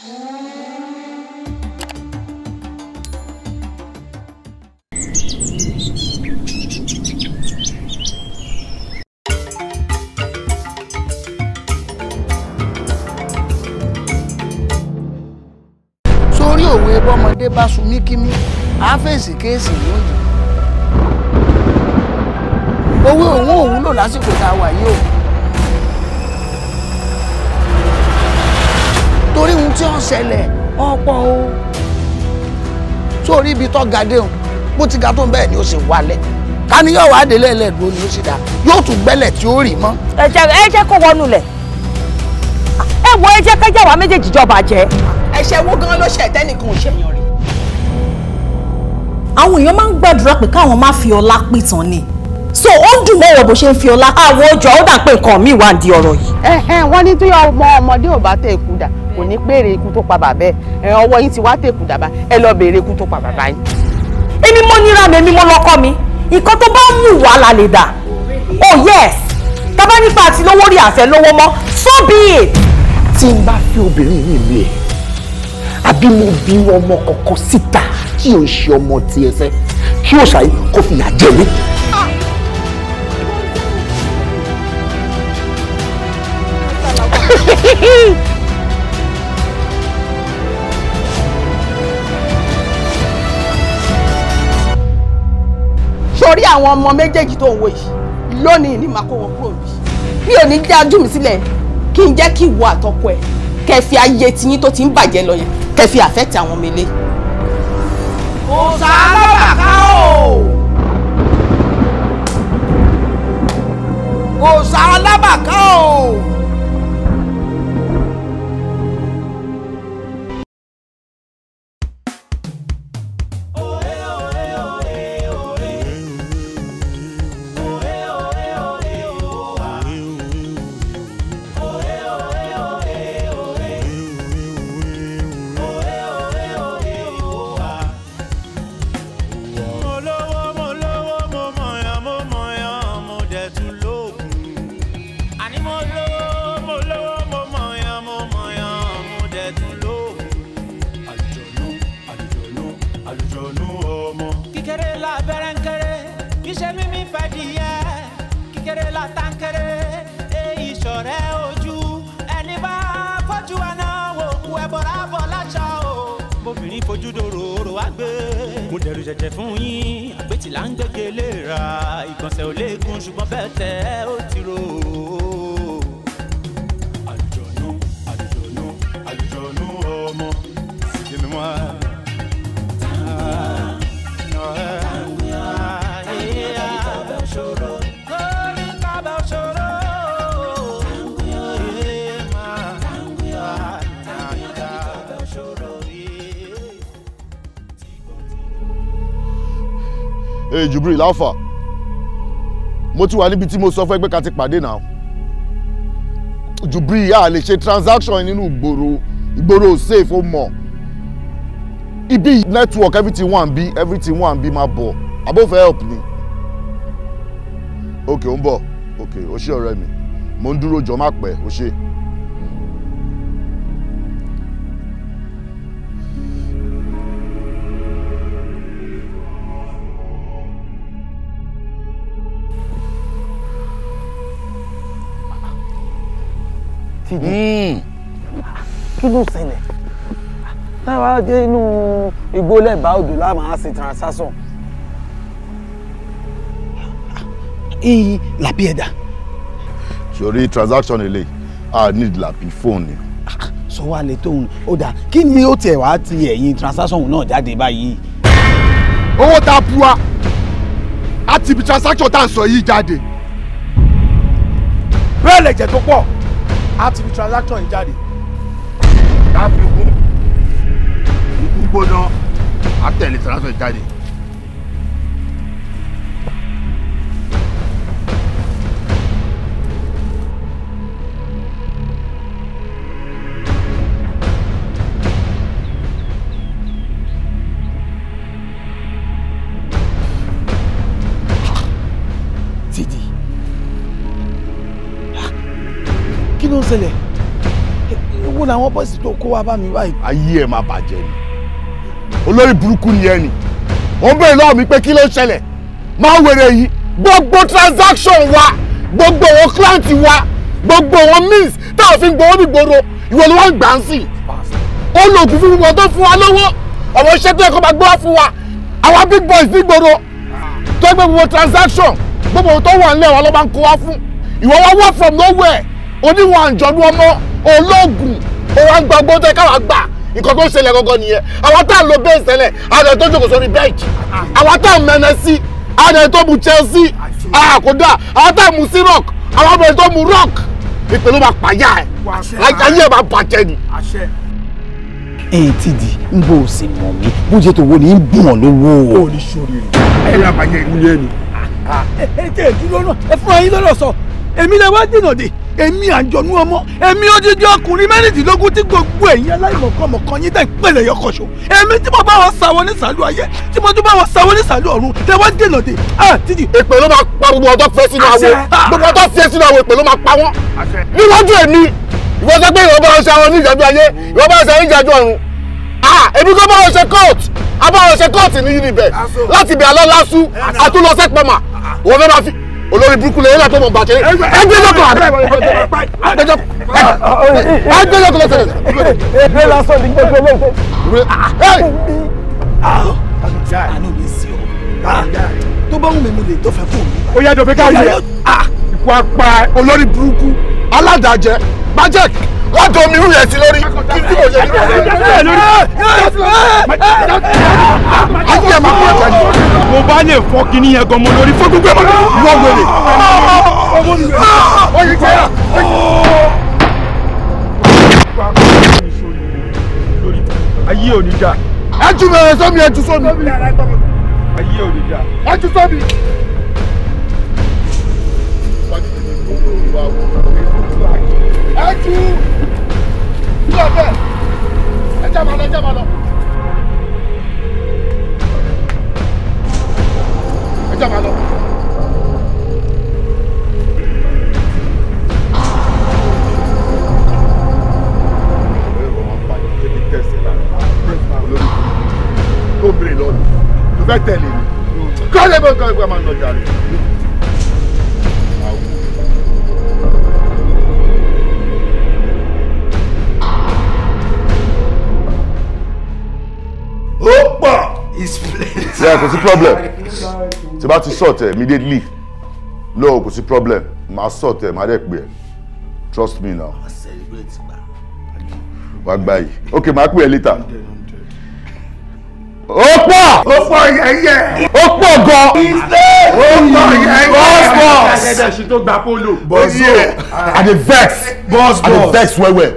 sórí òwe bọ́mọdé bá sun míkímí á fèsì kéèsì lóyún owó òun ò wúlò lásìkò tá a wà yìí o. torí ohun tí ó ṣẹlẹ̀ ọ̀pọ̀ o sórí ibi tó ga dé o bó ti ga tó bẹ́ẹ̀ ni ó sì wálẹ̀ ká ní yóò wá dé lẹ́ẹ̀lẹ́gbọ́ ni ó sì dá yóò tún gbẹ́lẹ̀ tí ó rì mọ́. ẹ jẹ́ ẹ jẹ́ kó wọnú lẹ̀ ẹ wo ẹ jẹ́ kájà wa méjèèjì jọba jẹ́. ẹ̀ṣẹ̀ wo gan ló ṣe ẹ̀tẹ́nìkan ò ṣèyàn rẹ̀. àwọn èèyàn máa ń gbàdúrà pé káwọn má fi ọlá pìtàn ni so ó ń dùn mọ́ ọ̀rọ̀ bó ṣe ń fi ọlá. àwọn ọjọ́ ó dà pé nǹkan mi wà ní ọ̀rọ̀ yìí. ẹ̀hẹ̀n wọ́n ní tí ọmọ ọmọdé ò bá tẹ̀ kú dà kò ní béèrè ikú tó pa bàbá ẹ ọwọ́ yín ti wá tèkù dàbà ẹ lọ béèrè ikú tó pa bàbá yín. èmi mo nira mi èmi mo lọkọ mi nǹkan tó bá mú wa la lè dà oh yes tábà nípa àti lówó rí àfẹ lówó mọ so be it. tí n bá fi obìnrin yìí lé ẹ àbí mo bí ọmọ kọ̀ọ̀kan síta tí ò ṣe ọmọ tiẹ̀ sẹ́ kí òṣàyí kò fìyà jẹ mí. àwọn ọmọ méjèèjì tó ń wo yìí lónìí ni màá kó wọn kúrò níbí mi ò ní dájú mi sílẹ̀ kí n jẹ́ kí ìwọ àtọkọ ẹ̀ kẹfì ayé tiyín tó ti ń bàjẹ́ lọ yẹn kẹfì àfẹ́tì àwọn ọmọ ilé. kò sálábàká o kò sálábàká o. ìgbọ̀nsẹ̀ ò léegun ṣùgbọ́n bẹ́ẹ̀ tẹ́ ẹ ó ti rò ó. àlùjọ̀nù àlùjọ̀nù àlùjọ̀nù ọmọ sí mi wá. Hey, Jubril, how far? mo ti wà níbi tí mo sọ fún ẹ pé ká ti pàdé náà Jubri a lè ṣe transaction nínú ìgboro ìgboro safe ó mọ̀ ibi network everything wà be everything wà be bí máa bọ̀ abófẹ́ help ni ok ó ń bọ̀ ok ó ṣe ọ̀rẹ́ mi mo ń dúró jọ má pẹ́ ó ṣe. létí ni hmm. kí ló ṣẹlẹ̀ táwa dé inú igbó lẹ́bàá odò la máa ṣe transaction. iyin làbí ẹ̀dá. sori transaction eléyìí a need làbí fóònù. sọ wá lè tóun ó dáa kí ni ó tẹ̀ wá ti ẹ̀yìn transaction náà jáde báyìí. owó tá a pu wa a ti ibi transaction tá a sọ yìí jáde bẹ́ẹ̀ lẹ̀jẹ̀ tó pọ̀ a ti fi transaction yìí jáde. láfikún gbígbóná a tẹ̀lé transaction jáde. ṣẹlẹ̀ ewu làwọn bọ́ọ̀sì tó kó wa bá mi báyìí. ayé ẹ máa bàjẹ́ ni olórí burúkú ni ẹ ni wọ́n bèrè lọ́wọ́ mi pé kí ló ṣẹlẹ̀ máa wèrè yìí gbogbo transaction wa gbogbo àwọn client wa gbogbo àwọn means tá a fi ń gbowó nígboro ìwọ ni wọ́n ń gbà ń sìn ó lo ògùn fún gbogbo tó fún wa lọ́wọ́ àwọn iṣẹ́ tó yẹ kó máa gbọ́ fún wa àwọn big boys nígboro tó gbé gbogbo transaction gbogbo tó wà nílẹ̀ wa ló máa ń kó wa fún ìwọ wa wá from nowhere oníwà àjọ̀dún ọmọ ológun òun àgbà gbọ́dọ̀ káwá gbà nǹkan tó ń ṣẹlẹ̀ gọ́gọ́ nìyẹn àwọn tá à ń lo bẹ́ẹ̀ ṣẹlẹ̀ àdẹ tó jókòó sórí bẹ́ẹ̀jì àwọn tá à ń mẹ́nẹ sí àdẹ tó mu Chelsea àkódà àwọn tá à ń mu sí rock àwọn ọmọ tó mu rock ìpè ló máa pàyà ẹ ayé ẹ máa bàjẹ́ ni. ẹ ti di ń bò ó sì mọ̀ mí bójú tó wo ni ń bùn ọ́ lówó. ó ní sórí rẹ̀ ẹ yà bàjẹ́ ìwúyẹ́ ni. ẹ jẹ́ ìdúró náà ẹ fún ayé lọ́rọ̀ sọ èmi lè wá dènà dè èmi àjọ̀nú ọmọ èmi odidi ọkùnrin mẹ́rìndínlógún tí gbogbo ẹ̀yin aláìmọ̀kànmọ̀kàn yín tẹ̀ pẹ̀lẹ́ yọkọ̀ṣọ́ èmi tí mo bá wọn sàwọn ní sàlù ayé tí mo tún bá wọn sàwọn ní sàlù ọ̀run tẹ wọ́n dènà dé àtijì. èpè ló máa pa gbogbo ọjọ́ fẹ́ sínú àwo gbogbo ọjọ́ fẹ́ sínú àwo èpè ló máa pa wọ́n. níwájú èmi ìwọ sọ pé ìwọ bá wọn sàwọn ní ìjàdù ayé ìwọ bá wọn sàwọn ní ìjàdù ọ̀run. èmi kò bá wọn ṣe court abáwọn ṣe court ní unibet láti bẹ̀ alọ́ lásù àtúnlọ́sẹ̀ pẹ̀mà òun fẹ́ máa fi olórí burúkú lẹ́yìn látọ̀ mọ̀ bàtẹ́ ẹgbẹ́jọ́kọ̀ ẹgbẹ́jọ́kọ̀ lọ́sẹ̀ rẹ̀. ẹgbẹ́ lásán ní gbogbo olóòfẹ́. Ah, ah, tó bá wù mí mo lè tó fẹ́ fún mi. ó yá dọ̀fẹ́ káyọ̀ ikú apá olórí burúkú aládàjẹ bájẹ́kì wọ́n jọ mi rú yẹn sí lórí kí tí mo ṣe ní ọ̀rẹ́ ayé ẹ̀ máa fún ẹ̀ka yìí. mo bá lè fọ́ kínní yẹn gan mo lórí fún gbogbo ẹ̀ mọ́ wọ́n wẹ̀lẹ̀. ayé ò ní dà. ẹ jù mẹ́rẹ̀ sómi ẹ jù sómi. ayé ò ní dà. ẹ jù sómi. Thank you kí ló bẹ́ẹ̀ ẹ jẹ́ máa lọ ẹ jẹ́ máa lọ. ẹ ó pọ̀ is plenty. ṣe kò sí problem tí bá ti sort ẹ immediately lọ́wọ́ kò sí problem màá sort ẹ màá dẹ̀ pè ẹ́ trust me now. wàá gbà yìí ok màá pè ẹ́ later ó pọ̀. ó pọ̀ yẹ́yẹ́. ó pọ̀ gan. ó pọ̀ yẹ́yẹ́. boss boss. ẹ̀ẹ́dẹ̀sì tó polo. boss o i dey vex. boss boss i dey vex well well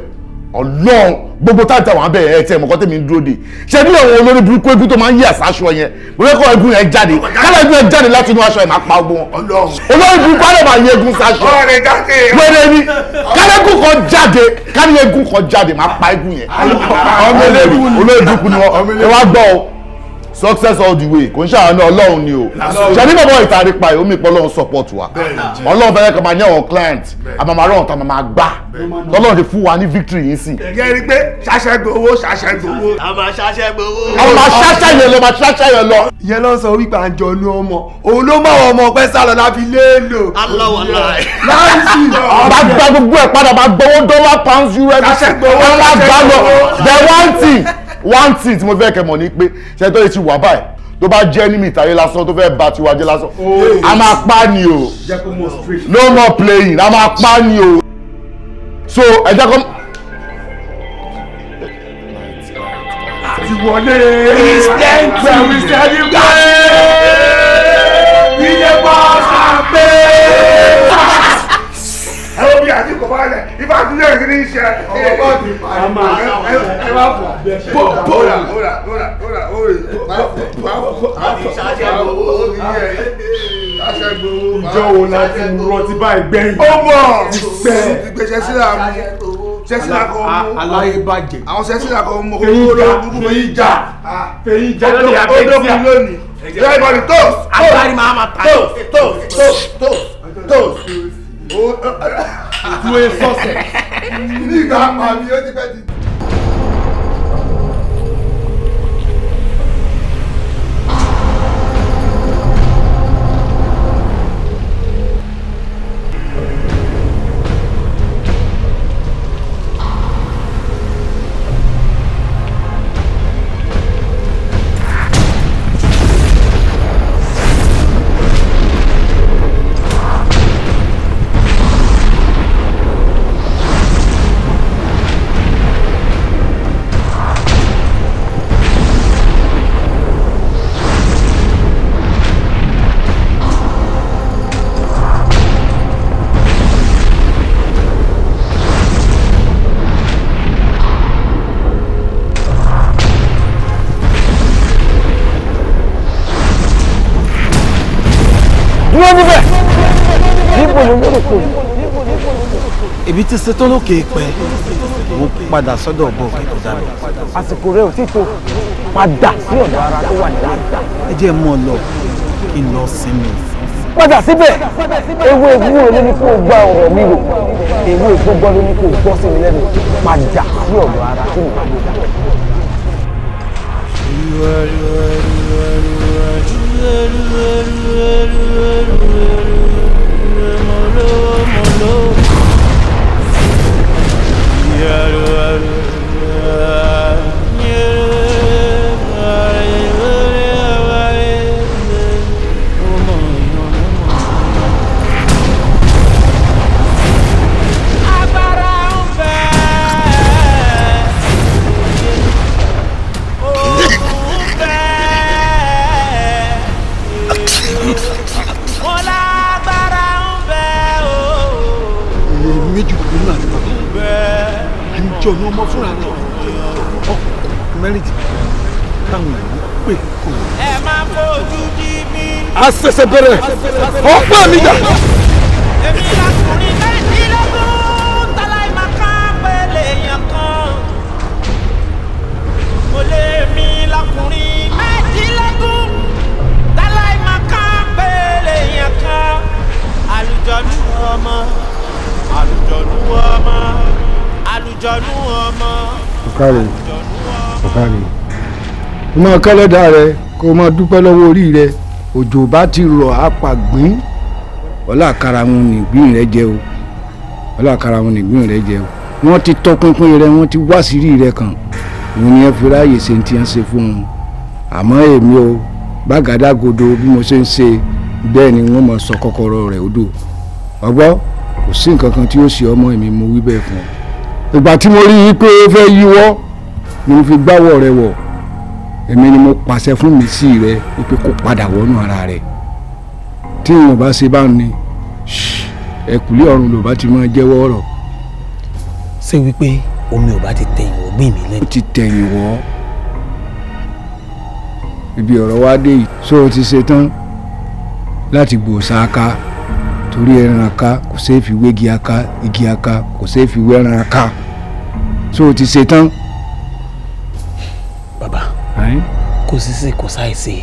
ọlọ́run gbogbo táǹtà wọn abẹ́ ẹ̀ tẹ́ mọ̀kọ́ tẹ́mi ń dúró de ṣe ní àwọn olórí burúkú egun tó máa ń yí àṣà aṣọ yẹn mo fẹ́ kọ́ egun yẹn jáde kálá egun yẹn jáde láti inú aṣọ yẹn máa pa ọgbọ́n olórí burúkú alẹ́ máa yí egun sáṣọ wẹ́rẹ́ ni kálá egun kan jáde kálá egun kan jáde máa pa egun yẹn olórí burúkú ni wọ́n ẹ wá gbọ́ o success all the way kò ń ṣàánú ọlọ́run ni o ṣàní bàbá ìtàrí pa ẹ̀ omi ìpọ́lọ́run support wa ah. ọlọ́run fẹ́rẹ́ kan máa ní àwọn client àmàmàrà ọ̀tá màmá gbà tọ́lọ́run ti fún wa ní victory yìí sí. ẹ̀yẹ́ rí pé ṣàṣẹ́gbowó ṣàṣẹ́gbowó. a máa ṣàṣẹ́gbowó. a máa ṣàṣà yẹn lọ máa ṣàṣà yẹn lọ. ìyẹn ló ń sọ wípé àjọ ní ọmọ òun ló mọ àwọn ọmọ pẹ́ sálọ láfi léèlò. aláwọ̀ aláì. láì sí ọ̀rọ̀. bá gba gbogbo ẹ̀ padà bá gbowó dọ́là pounds euro ẹ̀mí. ṣàṣẹ́gbowó one thing tí mo fẹ́ kẹ́ mọ̀ ni pé ṣe tó lè ti wà báyìí tó bá jẹ́ ní mìtàyé lásán tó fẹ́ ba tiwa jẹ́ lásán oh. a máa pa ni o no more playing a máa pa ni o so ẹ jẹ́ kó. àti wọlé christian christian yìí gbà ilé omi àti kọ̀ọ̀bá rẹ̀ ibà tí lè rí ní iṣẹ́ ẹ wá fọ̀ bó bó rà ó rà ó rà ó rà ó rè bó bó àti ṣàṣẹ̀gbowó omi yẹ ṣàṣẹ̀gbowó. ìjọ wo la ti rọtí báyìí gbẹ̀yìn. ó mọ̀ ìgbésẹ̀ sílẹ̀ àmú sẹ́sìlá kọ́ mú aláyé bàjẹ́ àwọn sẹ́sìlá kọ́ mú owó olóògùn fèyí jà fèyí jà lórí ah, abẹ́tíà lónìí everybody toast toast toast toast toast toast o dúró sọ̀sẹ̀. nígbà pàmì ó ti fẹ́ ti. ibi tí ṣetán lókè pẹ́ mo padà sọ́dọ̀ ọ̀bọ kẹ́kọ̀ọ́ dábẹ́. àsìkò rẹ ò tí tó padà sí ọ̀dọ̀ ara tó wà nílẹ̀. ẹ jẹ́ mọ́ lọ kí n lọ sinmi. padà síbẹ̀ ewé ewúro ló ní kó gbọ́ ọ̀rọ̀ mi rò ewé gbogbo ló ní kó gbọ́ sí mi lẹ́nu padà sí ọ̀dọ̀ ara tó wà nílẹ̀. not Hare a ṣẹ̀ṣẹ̀ bẹ̀rẹ̀ ọ̀pọ̀ mi dà. èmi làkùnrin mẹ́rìndínlógún tàlàìmọ̀ kan ọmọ àlùjọ̀nú ọmọ rẹ kó o máa dúpẹ́ lọ́wọ́ orí rẹ òjò bá ti rọ̀ apàgbín ọlá àkàrà wọn nìgbín rẹ jẹ o ọlá àkàrà wọn nìgbín rẹ jẹ o wọ́n ti tọpinpin rẹ wọ́n ti wá sírí rẹ kàn òun ni ẹ fi ráàyè ṣe ti ń ṣe fún un àmọ́ èmi o bàgàdàgodo bí mo ṣe ń ṣe bẹ́ẹ̀ ni wọ́n mọ̀ sọ kọ́kọ́rọ́ rẹ̀ odò ọgbọ́ kò sí nǹkan kan tí ó ṣe ọmọ mi mo wí bẹ́ẹ̀ fún ọ ìgbà tí mo rí i pé ó fẹ́ yíwọ́ ni mo fi gbáwọ̀ rẹ̀ wọ̀ èmi ni mo pàṣẹ fún mi sí rẹ wípé kó padà wọnú ara rẹ tí ìwọ̀n bá ṣe bá ń ni ẹ̀kúlé ọ̀run ló bá ti máa jẹ́wọ́ ọ̀rọ̀. ṣé wípé omi ò bá ti tẹ̀yìn wọ́ gbìn mí lẹ́nu. ó ti tẹ̀yìn wọ́ ibi ọ̀rọ̀ wá dé yìí ṣó o ti ṣe tán láti gbòòsà aka torí ẹran aka kò ṣeé fi wégi aka igi aka kò ṣeé fi wẹ́ran aka ṣó o ti ṣe tán. kò sí sí kò sáìsí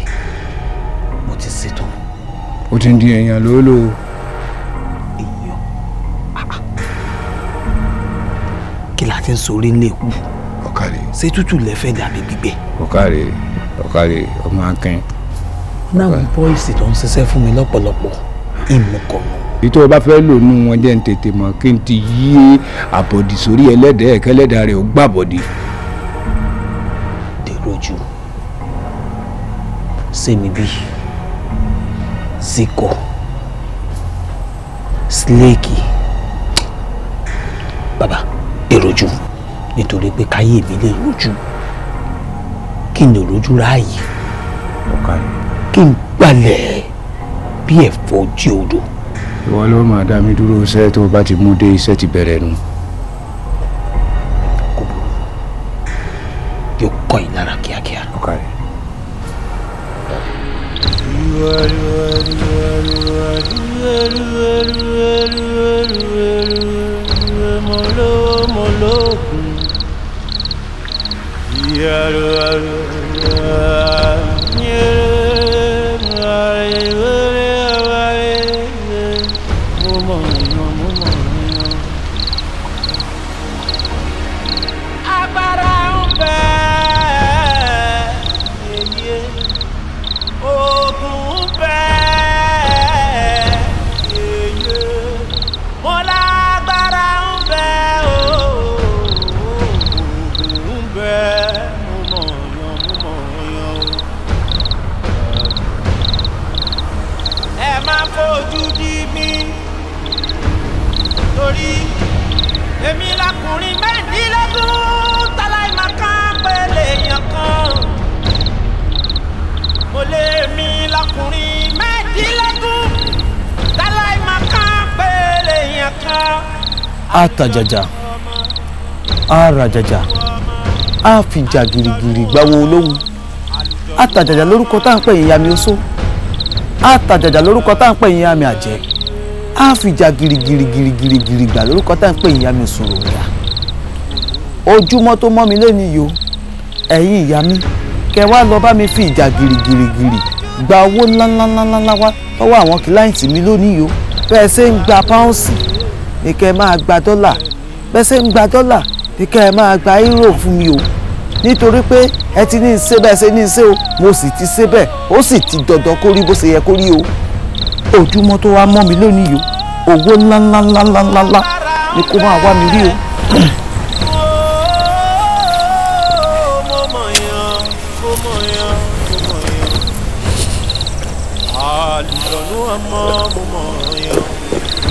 mo ti ṣètò. o ti ń di èèyàn lóòlò. èèyàn ah, ah. kí la ti ń sọrí lè kú. ọ̀kàrẹ̀. ṣé tútù lẹ́fẹ̀ dàbí gbígbẹ. ọ̀kàrẹ̀ ọ̀kàrẹ̀ ọmọ akin. náà bọ́ìsì tó ń ṣiṣẹ́ fún mi lọ́pọ̀lọpọ̀ ìmùkọ̀nù ìtọ́ bá fẹ́ lò nù wọn jẹ́ ń tètè mọ̀ kí n ti yí àbọ̀dì sórí ẹlẹ́dẹ̀ẹ́ kẹlẹ́dàá rẹ̀ ó gbàbọ̀dì. Semibi, Ziko, Sleki, Baba, èròjú nítorí pé káyé mi lè rojú kí n lè rojú ráàyè kí n gbalẹ̀ bí ẹ̀fọ́ ojú odò. ìwọ ló máa dá mi dúró iṣẹ́ tó bá ti mú dé iṣẹ́ ti bẹ̀rẹ̀ nu. kò burú yóò kọ́ ìlara kíákíá. ọkàrẹ̀. Yeah. àtàjàjà àràjàjà àfìjà gìrìgìrì gbáwo olóhùn àtàjàjà lórúkọ tá à ń pè yín yami oṣó àtàjàjà lórúkọ tá à ń pè yín yami àjẹ́ àfìjà gìrìgìrì gìrìgìrì gìrìgbà lórúkọ tá à ń pè yín yami oṣù rògbà ojúmọ́ tó mọ́ mi lẹ́nu yìí o ẹ̀yin ìyá mi kẹ wá lọ bá mi fi ìjà gìrìgìrìgìrì gba owó ńláńláńláńlá wá lọ́wọ́ àwọn kìláìntì mi lónìí o bẹ́ẹ̀ ṣe ń gba páùnsì ní kẹ́ ẹ máa gba dọ́là bẹ́sẹ̀ ń gba dọ́là ní kẹ́ ẹ máa gba euro fún mi o nítorí pé ẹ ti ní í ṣe bẹ́ẹ̀ ṣe ní í ṣe o mo sì ti ṣe bẹ́ẹ̀ ó sì ti dandan kó rí bó ṣe yẹ kó rí o ojúmọ́ tó wá mọ́ mi lónìí o owó ńláńláńláńláńlá ni kó máa wá mi rí o.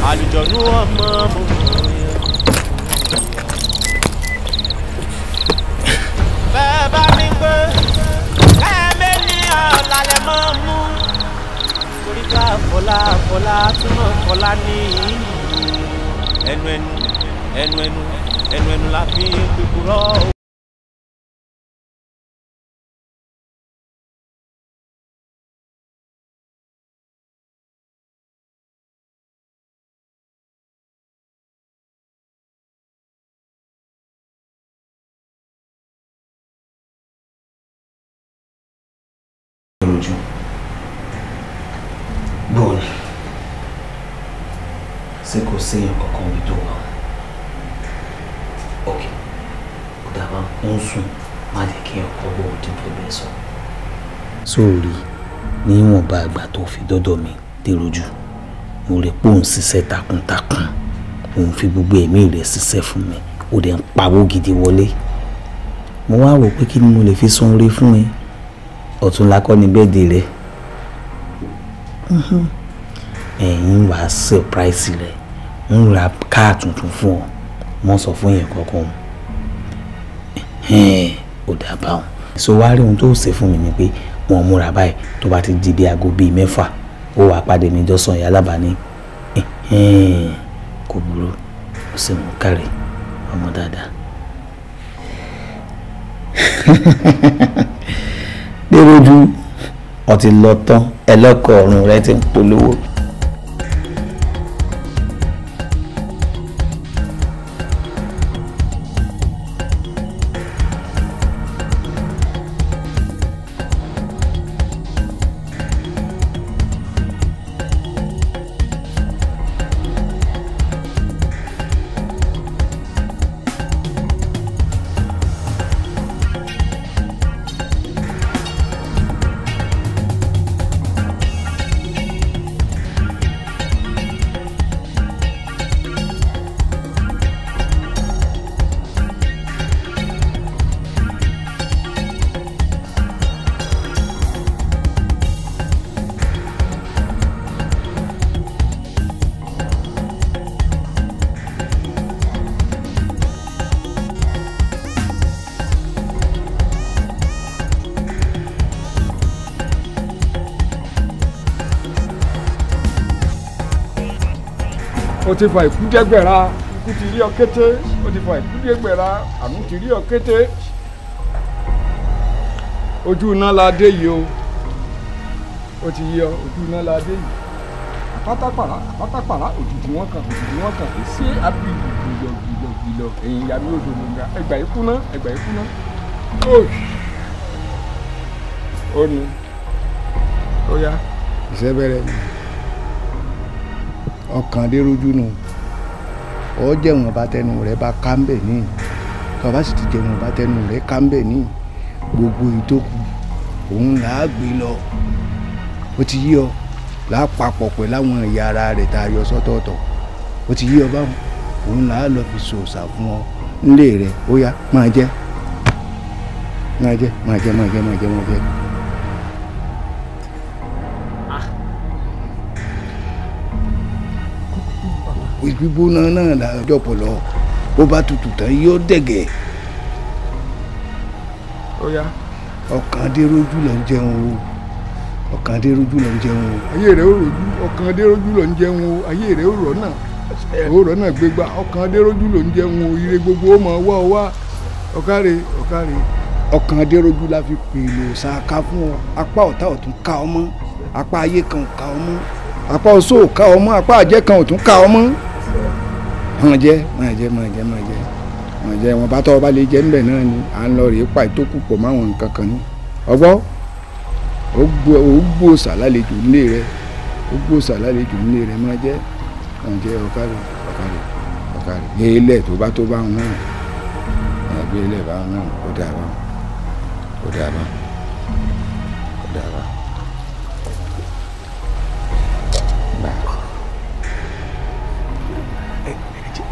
àlùjọ̀nú ọmọ mo mọ̀ yẹn. bẹ́ẹ̀ bá mi gbé ẹ̀ẹ́mẹ́ ní ọ̀làlẹ̀ mọ́ mú. torí ká fọlá fọlá túmọ̀ fọlá ní ìlú ẹnu ẹnu ẹnu ẹnu ẹnu la fi ń pípurọ́. Bon, c'est ṣé kò séèyàn kankan omi tó ok kò dábàá ń sùn má jẹ́ kí ọkọ bó o ti fẹ́ bẹ́ẹ̀ sọ. sóòrì níwọ̀nba àgbà tó fi dodo mi dé lójú mo rè pò ń ṣiṣẹ́ takuntakun òun fi gbogbo ẹ̀mí rẹ̀ ṣiṣẹ́ fún mi ó dẹ̀ ń pawó gidi wọlé mo wá wò pé kí ni mo lè fi san oore fún ẹ ọ̀túnla kọ́ ni bẹ́ẹ̀ di ẹ̀yin wàá ṣèpráìsì rẹ̀ ń ra káà tuntun fún ọ wọ́n sọ fún yẹn kọ́kọ́ ò dà bá wọn. so wá rí ohun tó ṣe fún mi ni pé wọn múra báyìí tó bá ti di bí aago bíi mẹ́fà ó wàá pàdé mi jọ́sàn ìyá alábàání kò burú ó sì mú kárẹ̀ ọmọ dáadáa. ti lọ tán ẹlẹ́kọ̀ọ́ ọ̀run rẹ ti ń polówó ti fa ìkújẹgbẹ̀ra ikú ti rí ọ kété ó ti fa ìkújẹgbẹ̀ra àánú ti rí ọ kété ojú iná la dé yìí o ó ti yẹ ojú iná la dé yìí àpátápàrà àpátápàrà òjijì wọn kan òjijì wọn kan kò sí àbí gbìlọ gbìlọ gbìlọ èyí ìyá mi ò dòdò nga ẹgbà yìí kúná ẹgbà yìí kúná oṣù ó nu ó yá ìṣẹ́ bẹ̀rẹ̀ ni ọkàn adéròjú nù ọ jẹun ọba tẹnu rẹ bá ká ń bẹ níyì tọba sì ti jẹun ọba tẹnu rẹ ká ń bẹ níyì gbogbo ìtókù òun là á gbé lọ ó ti yí ọ lápapọ̀ pẹ̀lú àwọn ẹ̀yà ara rẹ̀ tá a yọ sọ́tọ̀ọ̀tọ̀ ó ti yí ọ báwọn òun là á lọ fi sòòsà fún ọ nílé rẹ ó yá máa jẹ máa jẹ máa jẹ máa jẹ máa jẹ máa jẹ. gbígbóná náà làjọ pọ̀lọ́ bó bá tutù tán yóò dẹ̀gẹ̀. ọkàn dérójú ló ń jẹun o ọkàn dérójú ló ń jẹun o. ayé rẹ̀ ó rojú ọkàn dérójú ló ń jẹun o ayé rẹ̀ ó rọ̀ náà ó rọ̀ náà gbégbá ọkàn dérójú ló ń jẹun o ire gbogbo ó mọ̀ wá ọ wá ọ̀kárẹ̀ ọ̀kárẹ̀ ọkàn adéròjú la fi pèlò ṣáká fún ọ apá ọ̀tá ọ̀tún ká ọ mọ́ apá ayé kan ò ká ọ mọ́ apá oṣó ká ọ mọ́ apá àjẹ́ kan ò ká ọ mọ́ mọ̀ jẹ́ mọ̀ jẹ́ mọ̀ jẹ́ mọ̀ jẹ́ mọ̀ jẹ́ wọn bá tọ́ ọba lè jẹ́ ńbẹ̀ náà ni à ń lọ rèé pa ètò kù pọ̀ máwọn nǹkan kan ní ọgbọ́ ó gbó òòsà lálejò nílé rẹ ó gbó òòsà lálejò nílé rẹ mọ̀ jẹ́ mọ̀ jẹ́ ọ̀kàrẹ̀ ọ̀kàrẹ̀ ọ̀kàrẹ̀ gbé ilẹ̀ e tó bá tó bá náà ẹ̀ gbé ilẹ̀ e bá náà ó dà bá wọn ó dà bá wọn ó dà bá wọn.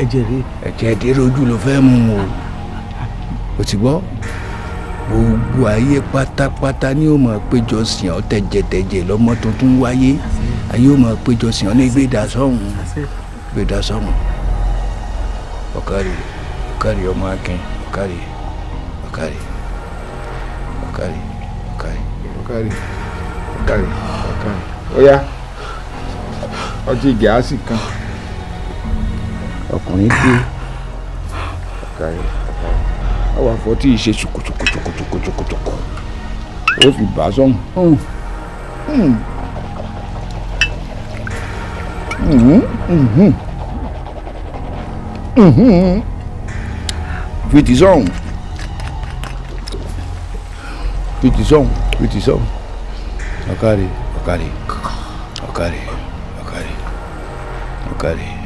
ẹ̀jẹ̀ rẹ. ẹ̀jẹ̀ dèrè ojú ló fẹ́ mu o o ti gbọ́ gbogbo ayé pátápátá ni yóò máa péjọ sìn ọ́ tẹ̀jẹ̀tẹ̀jẹ̀ lọ́mọ tuntun wáyé ayé yóò máa péjọ sìn ọ́ ní gbẹ̀dà sọ́hùn gbẹ̀dà sọ́hùn ọ̀kàrí ọ̀kàrí ọmọ akin ọ̀kàrí ọ̀kàrí ọ̀kàrí ọ̀kàrí ọ̀kàrí ọ̀kàrí ọ̀kàrí ó yá ọtí gẹ̀ásì kan ọkùnrin dé ọkàrẹ àwọn afọ tí ì ṣe ṣùkùtùkùtùkùtùkùtùkù ó fi bá sọhùn. fìtì sọhùn fìtì sọhùn fìtì sọhùn ọkàrẹ ọkàrẹ ọkàrẹ ọkàrẹ ọkàrẹ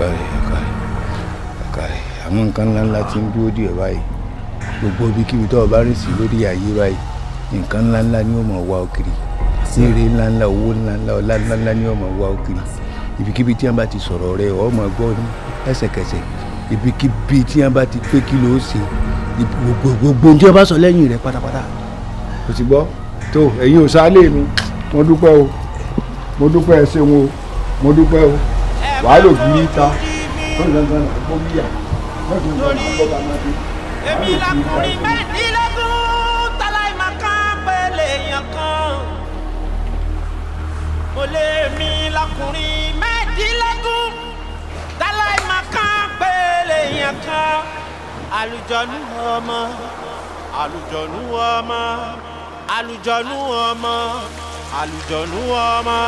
ọ̀kàrẹ̀ ọ̀kàrẹ̀ ọ̀kàrẹ̀ àwọn nǹkan ńláńlá ti ń dúró díẹ̀ báyìí gbogbo ibikíbi tó o bá rìn sí lórí ayé báyìí nǹkan ńláńlá ni ó máa wá ọ kiri eré ńláńlá owó ńláńlá ọlá ńláńlá ni ó máa wá ọ kiri ibikíbi tí wọn bá ti sọ̀rọ̀ rẹ ọ máa gbọ́ ní ẹsẹ̀kẹsẹ̀ ibikíbi tí wọn bá ti pé kí ló ṣe gbogbo tí wọn bá sọ lẹ́yìn rẹ pátápátá. kò sí gbọ́ tó ẹ̀yin ò sálé mi mo dúpẹ́ o mo dúpẹ́ ẹ ṣeun o mo dúpẹ́ o wàá lò gírí ta èmi lakunrin mẹ́ẹ̀ẹ́dínlógún tàlàìmọ̀ kan pẹ̀lẹ́ èèyàn kan mo lè mi lakunrin mẹ́ẹ̀ẹ́dínlógún tàlàìmọ̀ kan pẹ̀lẹ́ èèyàn kan àlùjọ̀nú ọmọ àlùjọ̀nú ọmọ àlùjọ̀nú ọmọ àlùjọ̀nú ọmọ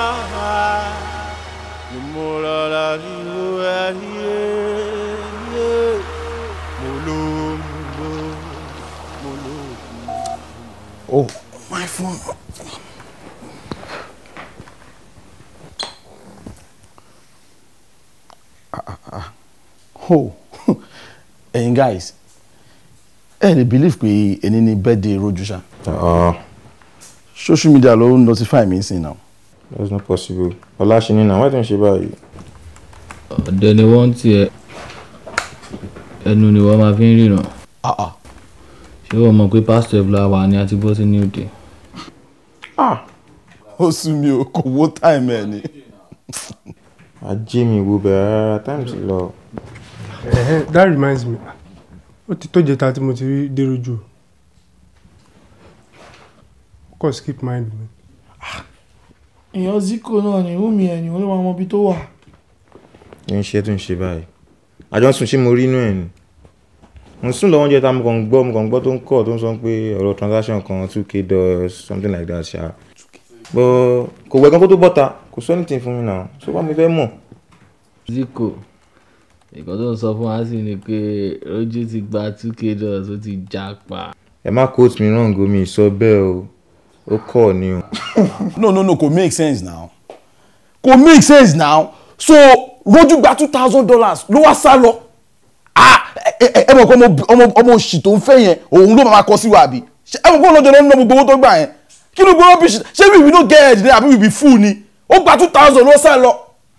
oh my phone. Ah, ah, ah. oh and guys ẹ lè believe pé ẹni ni birthday rojú ṣá. Uh-uh. social media alone notify me. See now that's not possible ọláṣinì náà wọ́n ti ń ṣe báyìí. ọ̀dẹ ni wọ́n ti ẹ ẹnu ni wọ́n máa fi ń ríran. ṣé wọ́n mọ̀ pé pásítọ̀ ìfúláwà ni a ti bọ́ sí new day. Ah! ó sún mi o kò wó táìmù ẹ ni. ajé mi wo bẹ̀rẹ̀ rárá táìmù ti lọ. that reminds me ó ti tó jẹta tí mo ti rí dérò jù kò skip mind mi èèyàn ziko náà ni rúmi ẹ̀ ní òun ló máa mọ ibi tó wà. ẹ ń ṣe tó ń ṣe báyìí àjọ ń sùn ṣé mo rí inú ẹ̀ ni mo sùn lọ́wọ́ oúnjẹ tá mo kàn ń gbọ́ mo kàn gbọ́ tó ń kọ́ tó ń sọ pé ọ̀rọ̀ transaction kan two k dollars something like that ṣá bọ́ kò wẹ̀ gan kó tó bọ́ta kò sọ anything fún mi náà so wá mi fẹ́ mọ̀. ziko nǹkan tó ń sọ fún wa sí ni pé rojú ti gba two k dollars ó ti já pa. ẹ má quote mi wrong omi ìsọ bẹ́ẹ̀ o ó kọ́ ni o. no no no kò make sense now kò make sense now so rojú gba two thousand dollars ló wá sá lọ ah, ẹ mọ̀ pé ọmọ òṣì tó ń fẹ́ yẹn òun ló máa kọ sí wa àbí ẹ mọ̀ pé ọlọ́jọ́ ló ń ná gbogbo owó tó gbà yẹn kí ló gbọ́dọ̀ bí ṣé we no get head there àbí we be full ni ó gba two thousand ló sá lọ.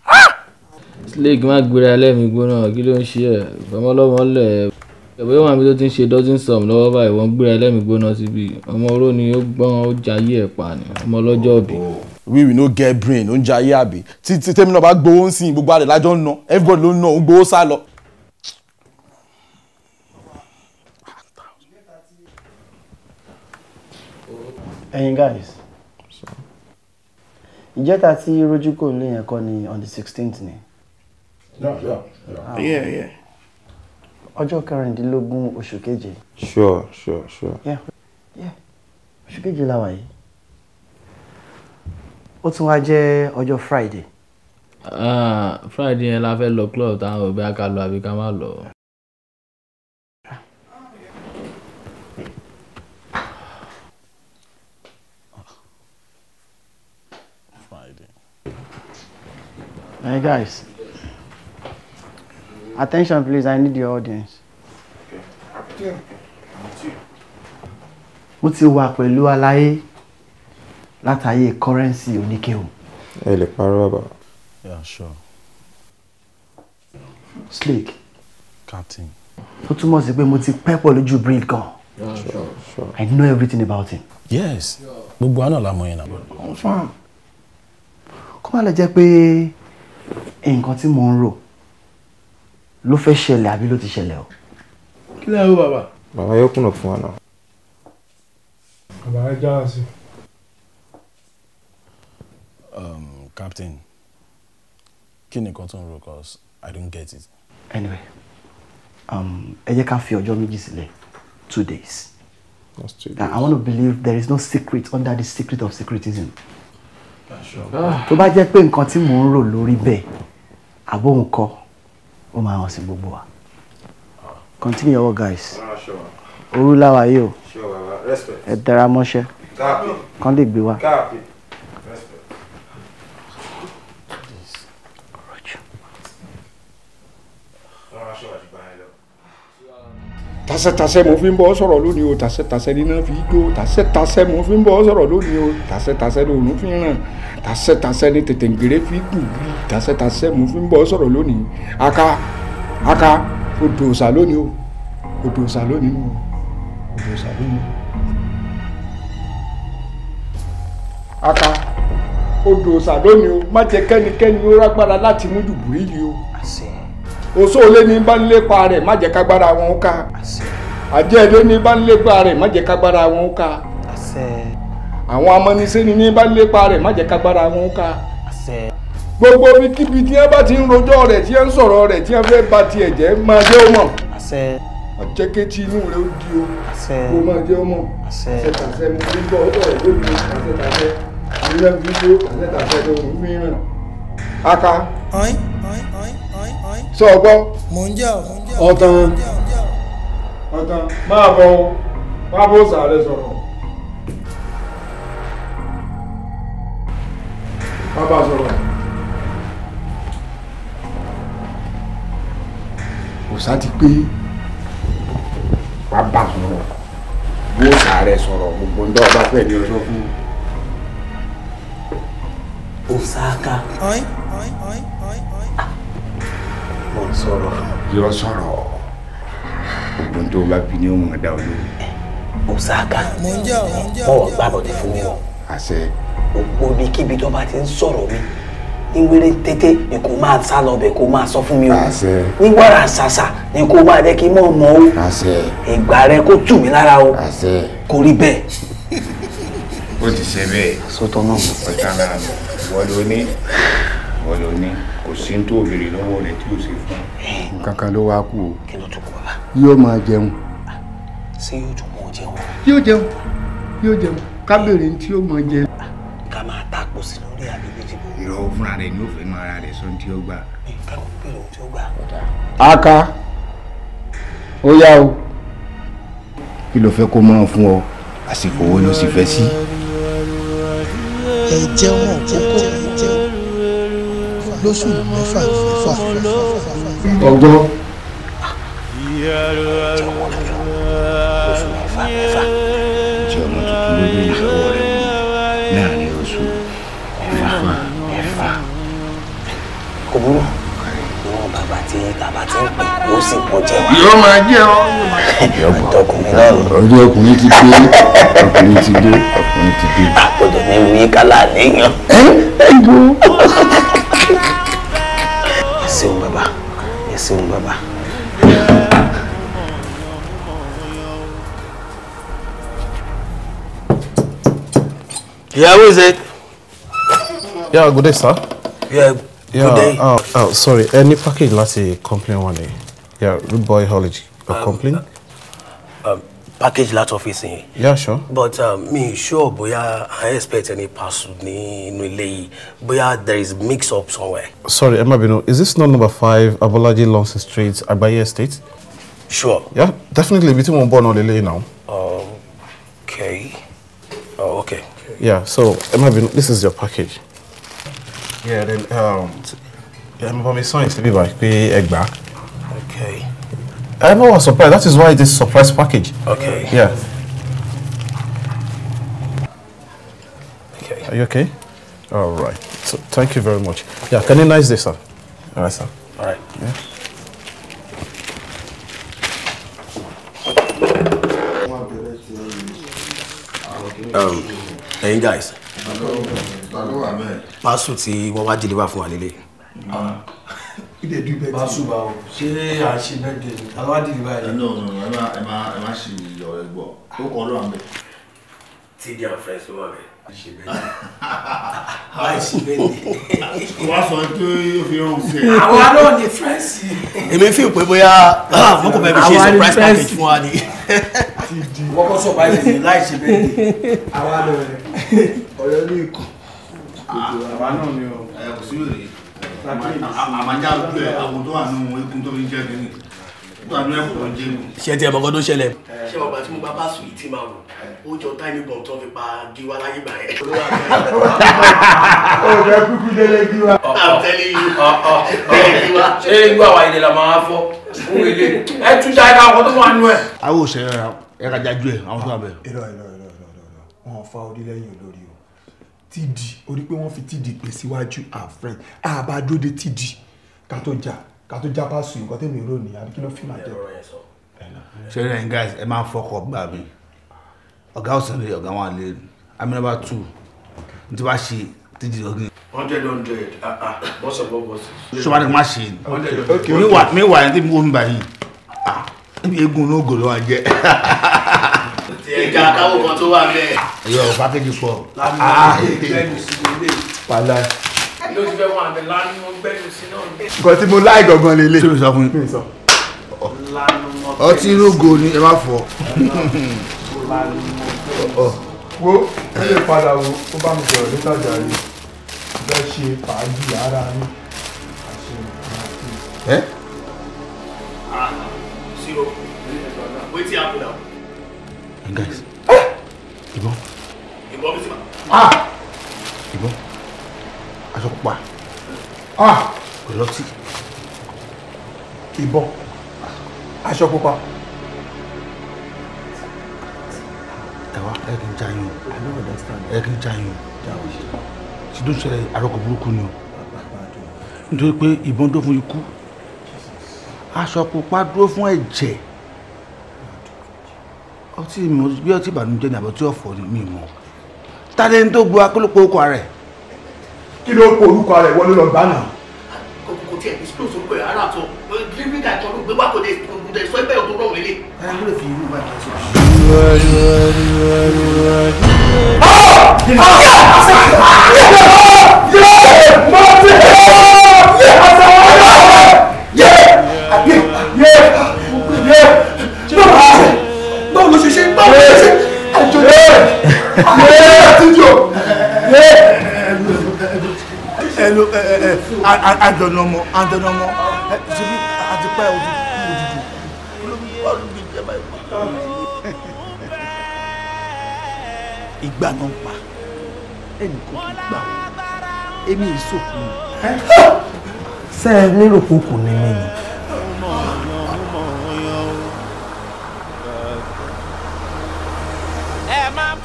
Ah! slake má gbéra lẹ́mìí gbóná kí ló ń ṣe ẹ̀ fọmọlọ́mọ lẹ̀ ẹ̀wé wà níbi tó ti ń ṣe dọ́sìn sọ̀m lọ́wọ́ báyìí wọ́n gbéra ẹlẹ́mìí gbóná síbi ọmọ oró ni ó gbọ́n ó jayé ẹ̀ pa ni ọmọ ọlọ́jọ́ òbí. Oh, oh. we we no get brain ó ń jayé àbí tí tí tèmi náà bá gbowó ń sìn gbogbo àdè lájọ́ ń ná everybody ló ń ná ó ń gbowó sá lọ. ẹ̀yin guys ìjẹta tí rojúkò ní ẹ̀kọ́ ni on the sixteenth ni. yeah yeah yeah. Ah, yeah, yeah ọjọ́ kẹrìndínlógún oṣù keje. sure sure sure. yeah yeah oṣù keje la wà yìí ó tún wá jẹ́ ọjọ́ friday. Uh, friday yẹn la fẹ́ lọ club táwọn òbí aka lọ àbí ká má lọ. Hey guys. Attention, please. I need the audience. Okay. Mo ti wà pẹ̀lú aláyé látàyè currency oníkéwù. Ẹ lè parọ́ bàbá. Yeah, sure. Slick. Captain. Ó túmọ̀ sí pé mo ti pẹ́ pọ̀ lójú Brill gan. Yeah, sure, sure. I know everything about him. Yes. Gbogbo àná la mọ̀ yẹn náà. Confirm. Kó má lè jẹ́ pé nǹkan tí mò ń rò ló fẹ́ ṣẹlẹ̀ àbí ló ti ṣẹlẹ̀ o. kí ló ń wo bàbá. bàbá yóò kùnà fún wa náà. bàbá ẹ já wa sí. Um, captain kí ni nǹkan tó ń cause i don't get it. anyway um, ẹ jẹ́ ká fi ọjọ́ méjì sílẹ̀ two days. That's I want to believe there is no secret under the secret of secretism. Ah, ah. tó bá jẹ́ pé nǹkan tí mò ń rò lórí bẹ́ẹ̀ àbóhùn kọ́ ó máa hàn sí gbogbo wa continue your work guys òru láwa yìí o ẹ tẹra mọ́ṣẹ́ kán lè gbé wa. tasẹ́tasẹ́ mo fi ń bọ́ sọ̀rọ̀ lónìí o tasẹ́tasẹ́ níná fi jó tasẹ́tasẹ́ mo fi ń bọ́ sọ̀rọ̀ lónìí o tasẹ́tasẹ́ lòún fi ràn tasẹ́tasẹ́ ní tètè ngèrè fi gbùgbì tasẹ́tasẹ́ mo fi ń bọ́ sọ̀rọ̀ lónìí aka aka odò òsà lónìí o odò òsà lónìí o odò òsà lónìí o aka odò òsà lónìí o má jẹ́ kẹ́nikẹ́ni ó rágbára láti mú jùbùrí yìí o. àṣẹ oṣó olé ní bánilépa rẹ̀ má jẹ́ kágbára wọn ká àjẹ́ ilé ní bánilépa rẹ̀ má jẹ́ kágbára wọn ká àwọn amọ́nisẹ́ ní bánilépa rẹ̀ má jẹ́ kágbára wọn ká gbogbo ibikíbi tí wọ́n bá ti ń rojọ́ rẹ̀ tí wọ́n ń sọ̀rọ̀ rẹ̀ tí wọ́n fẹ́ ba tiẹ̀ jẹ́ máa jẹ́ ó mọ̀ jẹ́ inú rẹ̀ ó di o kó máa jẹ́ ọmọ àṣẹtàṣẹ mo fi gbọ́ ọ̀dọ̀ rẹ̀ lóbi àṣẹtàṣẹ ìrẹ́ fi gbó àṣẹtàṣẹ tó ń fi rìn. aka. ọ̀hìn ọ̀hìn ọ̀hìn sọ ọgbọ́ ọ̀tàn ọ̀tàn máa bọ̀ máa bọ̀ sàárẹ̀ sọ̀rọ̀ bàbá sọ̀rọ̀. òsà ti pé bàbá sọ̀rọ̀ bó sàárẹ̀ sọ̀rọ̀ gbogbo ń dọ́ ọba pẹ̀ ní ọjọ́ fún. òsàkà. ọ̀hìn ọ̀hìn ọ̀hìn mo sọ̀rọ̀. yọ sọ̀rọ̀ ogun tó bá bí ní òun ọ̀dà olórí. òsàkà ọwọ́ gbàbọ̀dé fún mi o. àṣẹ. òpó mi kíbi tó bá ti ń sọ̀rọ̀ mi ìwéré tètè ni kò máa sá lọ bẹ̀ kò máa sọ fún mi o. àṣẹ. ní wàrà ṣàṣà ni kò máa jẹ́ kí n mọ̀ mọ́ o. àṣẹ. ìgbà rẹ kó tù mí lára o. àṣẹ. kò rí bẹ́ẹ̀. ó ti ṣe bẹ́ẹ̀. sọtọ náà. ọ̀tá náà wọ́n ló ní wọ́n ló ní kò sí tó béèrè lọ́wọ́ rẹ̀ tí o ṣe fún un. kankan ló wá kú o. kí ló tún kú bàbá. yóò máa jẹun. Ah, ṣé yóò tún mọ jẹun. yóò jẹun yóò jẹun kábèrè tí yóò mọ jẹun. Ah, ká máa ta kò sí lórí àbíbíjì. ìrọ̀ fúnra rẹ̀ ni ó fẹ́ mọ ara rẹ̀ sọ tí ó gbà. káwọn bèrè tí ó gbà. aka ó yá o kí ló fẹ́ kó máa fún ọ àsìkò wo ló sì fẹ́ sí. ẹ jẹ́ wọn kókó lóṣù mẹ́fà mẹ́fà. ọgbọ́n. oṣù mẹ́fà mẹ́fà tí ọmọ tuntun ló ní ìyàwó rẹ̀ láàrin oṣù mẹ́fà mẹ́fà. kò burú wọn bàbá tí bàbá tí ń pè ó sì pọ̀ jẹ́ wa. yóò máa jẹ́ ọ. ọkùnrin náà ni. ọjọ́ ọkùnrin ti dé ọkùnrin ti dé ọkùnrin ti dé. àpòjọ ní wíkálà lẹ́yìn. ẹ ẹ gbọ́ ẹ ṣeun bàbá ẹ ṣeun bàbá. Yeah, who is it? Yeah, good day, sir. Yeah, yeah day. Oh, oh, sorry. Any package láti complain one day? Yeah, rude boy holiday. A uh, complaint? Uh, um, package láti ọ́fíìsì yẹn. yeah sure. but um, mi um, sure bóyá i expect any parcel ní inú ilé yìí bóyá there is mix up somewhere. sorry ẹ má is this not number five abolaji lawson street agbaye estate. sure. yeah definitely Between tí mo ń bọ̀ náà lélẹ́yìn okay oh, okay. yeah so ẹ má this is your package. yeah then um, ẹ má bá mi sign síbí báyìí pé ẹ Everyone was surprised. That is why this surprise package. Okay. Yeah. Okay. Are you okay? All right. So thank you very much. Yeah, can you nice this, sir? All right, sir. All right. Yeah. Um, hey guys. Hello. Hello, Ahmed. Pasu see, wọ́n wá deliver for wa lele. Ah you dey do birthday. o ṣé à ń ṣe birthday ni àwọn adìrì báyìí. ẹ náà ẹ má ẹ má ẹ má ṣe ọ̀rẹ́ gbọ́ ó kọ́ ló wà mẹ́. td and friends ló wà mẹ́. láìsí bẹ́ẹ̀ni. wàá sọ pé o fi hàn sí ẹ. àwa náà ni friends. èmi fi pé bóyá wọn ah, kò fẹ́ fi ṣe surprise package fún wa ni. wọ́n kọ́ sọ báyìí láìsí bẹ́ẹ̀ni. àwa náà rẹ̀ ọ̀yọ́ o. ẹ kò sí àmàjá lójú ẹ̀ àwòtó àánú ṣé ọgbà tí mo bá bá sùn ìtì máa wò ó jọ táìmì bọ̀ tó fi pa giwa láyé gbà yẹn. ó jẹ́ kúkú délé giwa. àtẹlẹ bẹ́ẹ̀ giwa. ṣé igbó àwa ìdè la máa fọ́ fún ilé ẹ tún já ẹ̀ka ọkọ tó wà nú ẹ̀. àwọn òṣèré ẹ̀ka jájú ẹ̀ àwọn tó wà bẹ̀. èrò èrò èrò èrò wọn fa orí lẹ́yìn olórí TD orí pé wọ́n fi TD pè síwájú our friend àbájọ́ de TD ká tó jà ká tó já pàṣẹ nǹkan tẹ̀mí rò ní àbí kí ló fi máa jẹ. ṣe é rẹ̀ guys ẹ máa fọkọ̀ gbà mí ọ̀gá ọ̀sán lè ọ̀gá wọn lè àmì nọ́mbà two n tí wàá ṣe TD ọ̀gbìn. hundred hundred bọ́sì ọ̀bọ̀ bọ́sì. ṣọba ni mo máa ṣe ni mi wà ẹni tí mo ń bá yìí ah, eégún ló gòlò wa jẹ. ìjà káwọ́ kan tó wà bẹ́ẹ̀. ẹyọ pákéjì pọ. pàlà. ló ti fẹ́ wọn àbẹ̀ lánàá mo gbẹ́nu sí náà. nǹkan tí mo láì gangan lélẹ̀. kí ló sọ fún mi. ọtí rúgò ni ẹ má fọ. wo ẹ lè padà wo ó bá mi sọ̀rọ̀ níta jàre bẹ́ẹ̀ ṣe fàájì ara mi àti àti. ẹ. ah zero wetin happen now. And guys. Ìbọn. Ìbọn bí sí ma. Ah! Ìbọn. Aṣọ pupa. Ah! Pẹ̀lú ọtí. Ìbọn. Aṣọ pupa. Ẹ̀wá ẹ kì í já yín o. I don't understand. Ẹ kì í já yín o. Jáwé. Tí tó ń ṣẹlẹ̀ àrọ́kọ̀ burúkú ni o. Nítorí pé ìbọn dúró fún ikú. Aṣọ pupa dúró fún ẹ̀jẹ̀ ọtí mo bí ọtí ìbànújẹ́ ní àbọ̀tí ọ̀fọ̀ mi mọ̀ ta ni tó gbọ́ akólópó orúkọ rẹ̀. kí ló pọ orúkọ rẹ̀ wọlé lọ gbánà. kò tiẹ̀ bí sùkúrù sókè ara tó gírígì àjọ ló gbé wákòdè òkúta ìsọ ẹgbẹ́ ọ̀tún rọ̀ wẹ́lẹ̀. ẹ ló lè fi irú wa jẹ sí. ọ̀ọ́ ọ̀ọ́ ọ̀ọ́ ọ̀ọ́ ẹlò àjọ̀nàmọ̀ àjọ̀nàmọ̀ ṣebí àtipá ojú ìgbà náà ń pa ẹnì kan kì í gbà wọ́n èmi ìsòkù. sẹ́ẹ̀ lérò pé kò ní mí ni.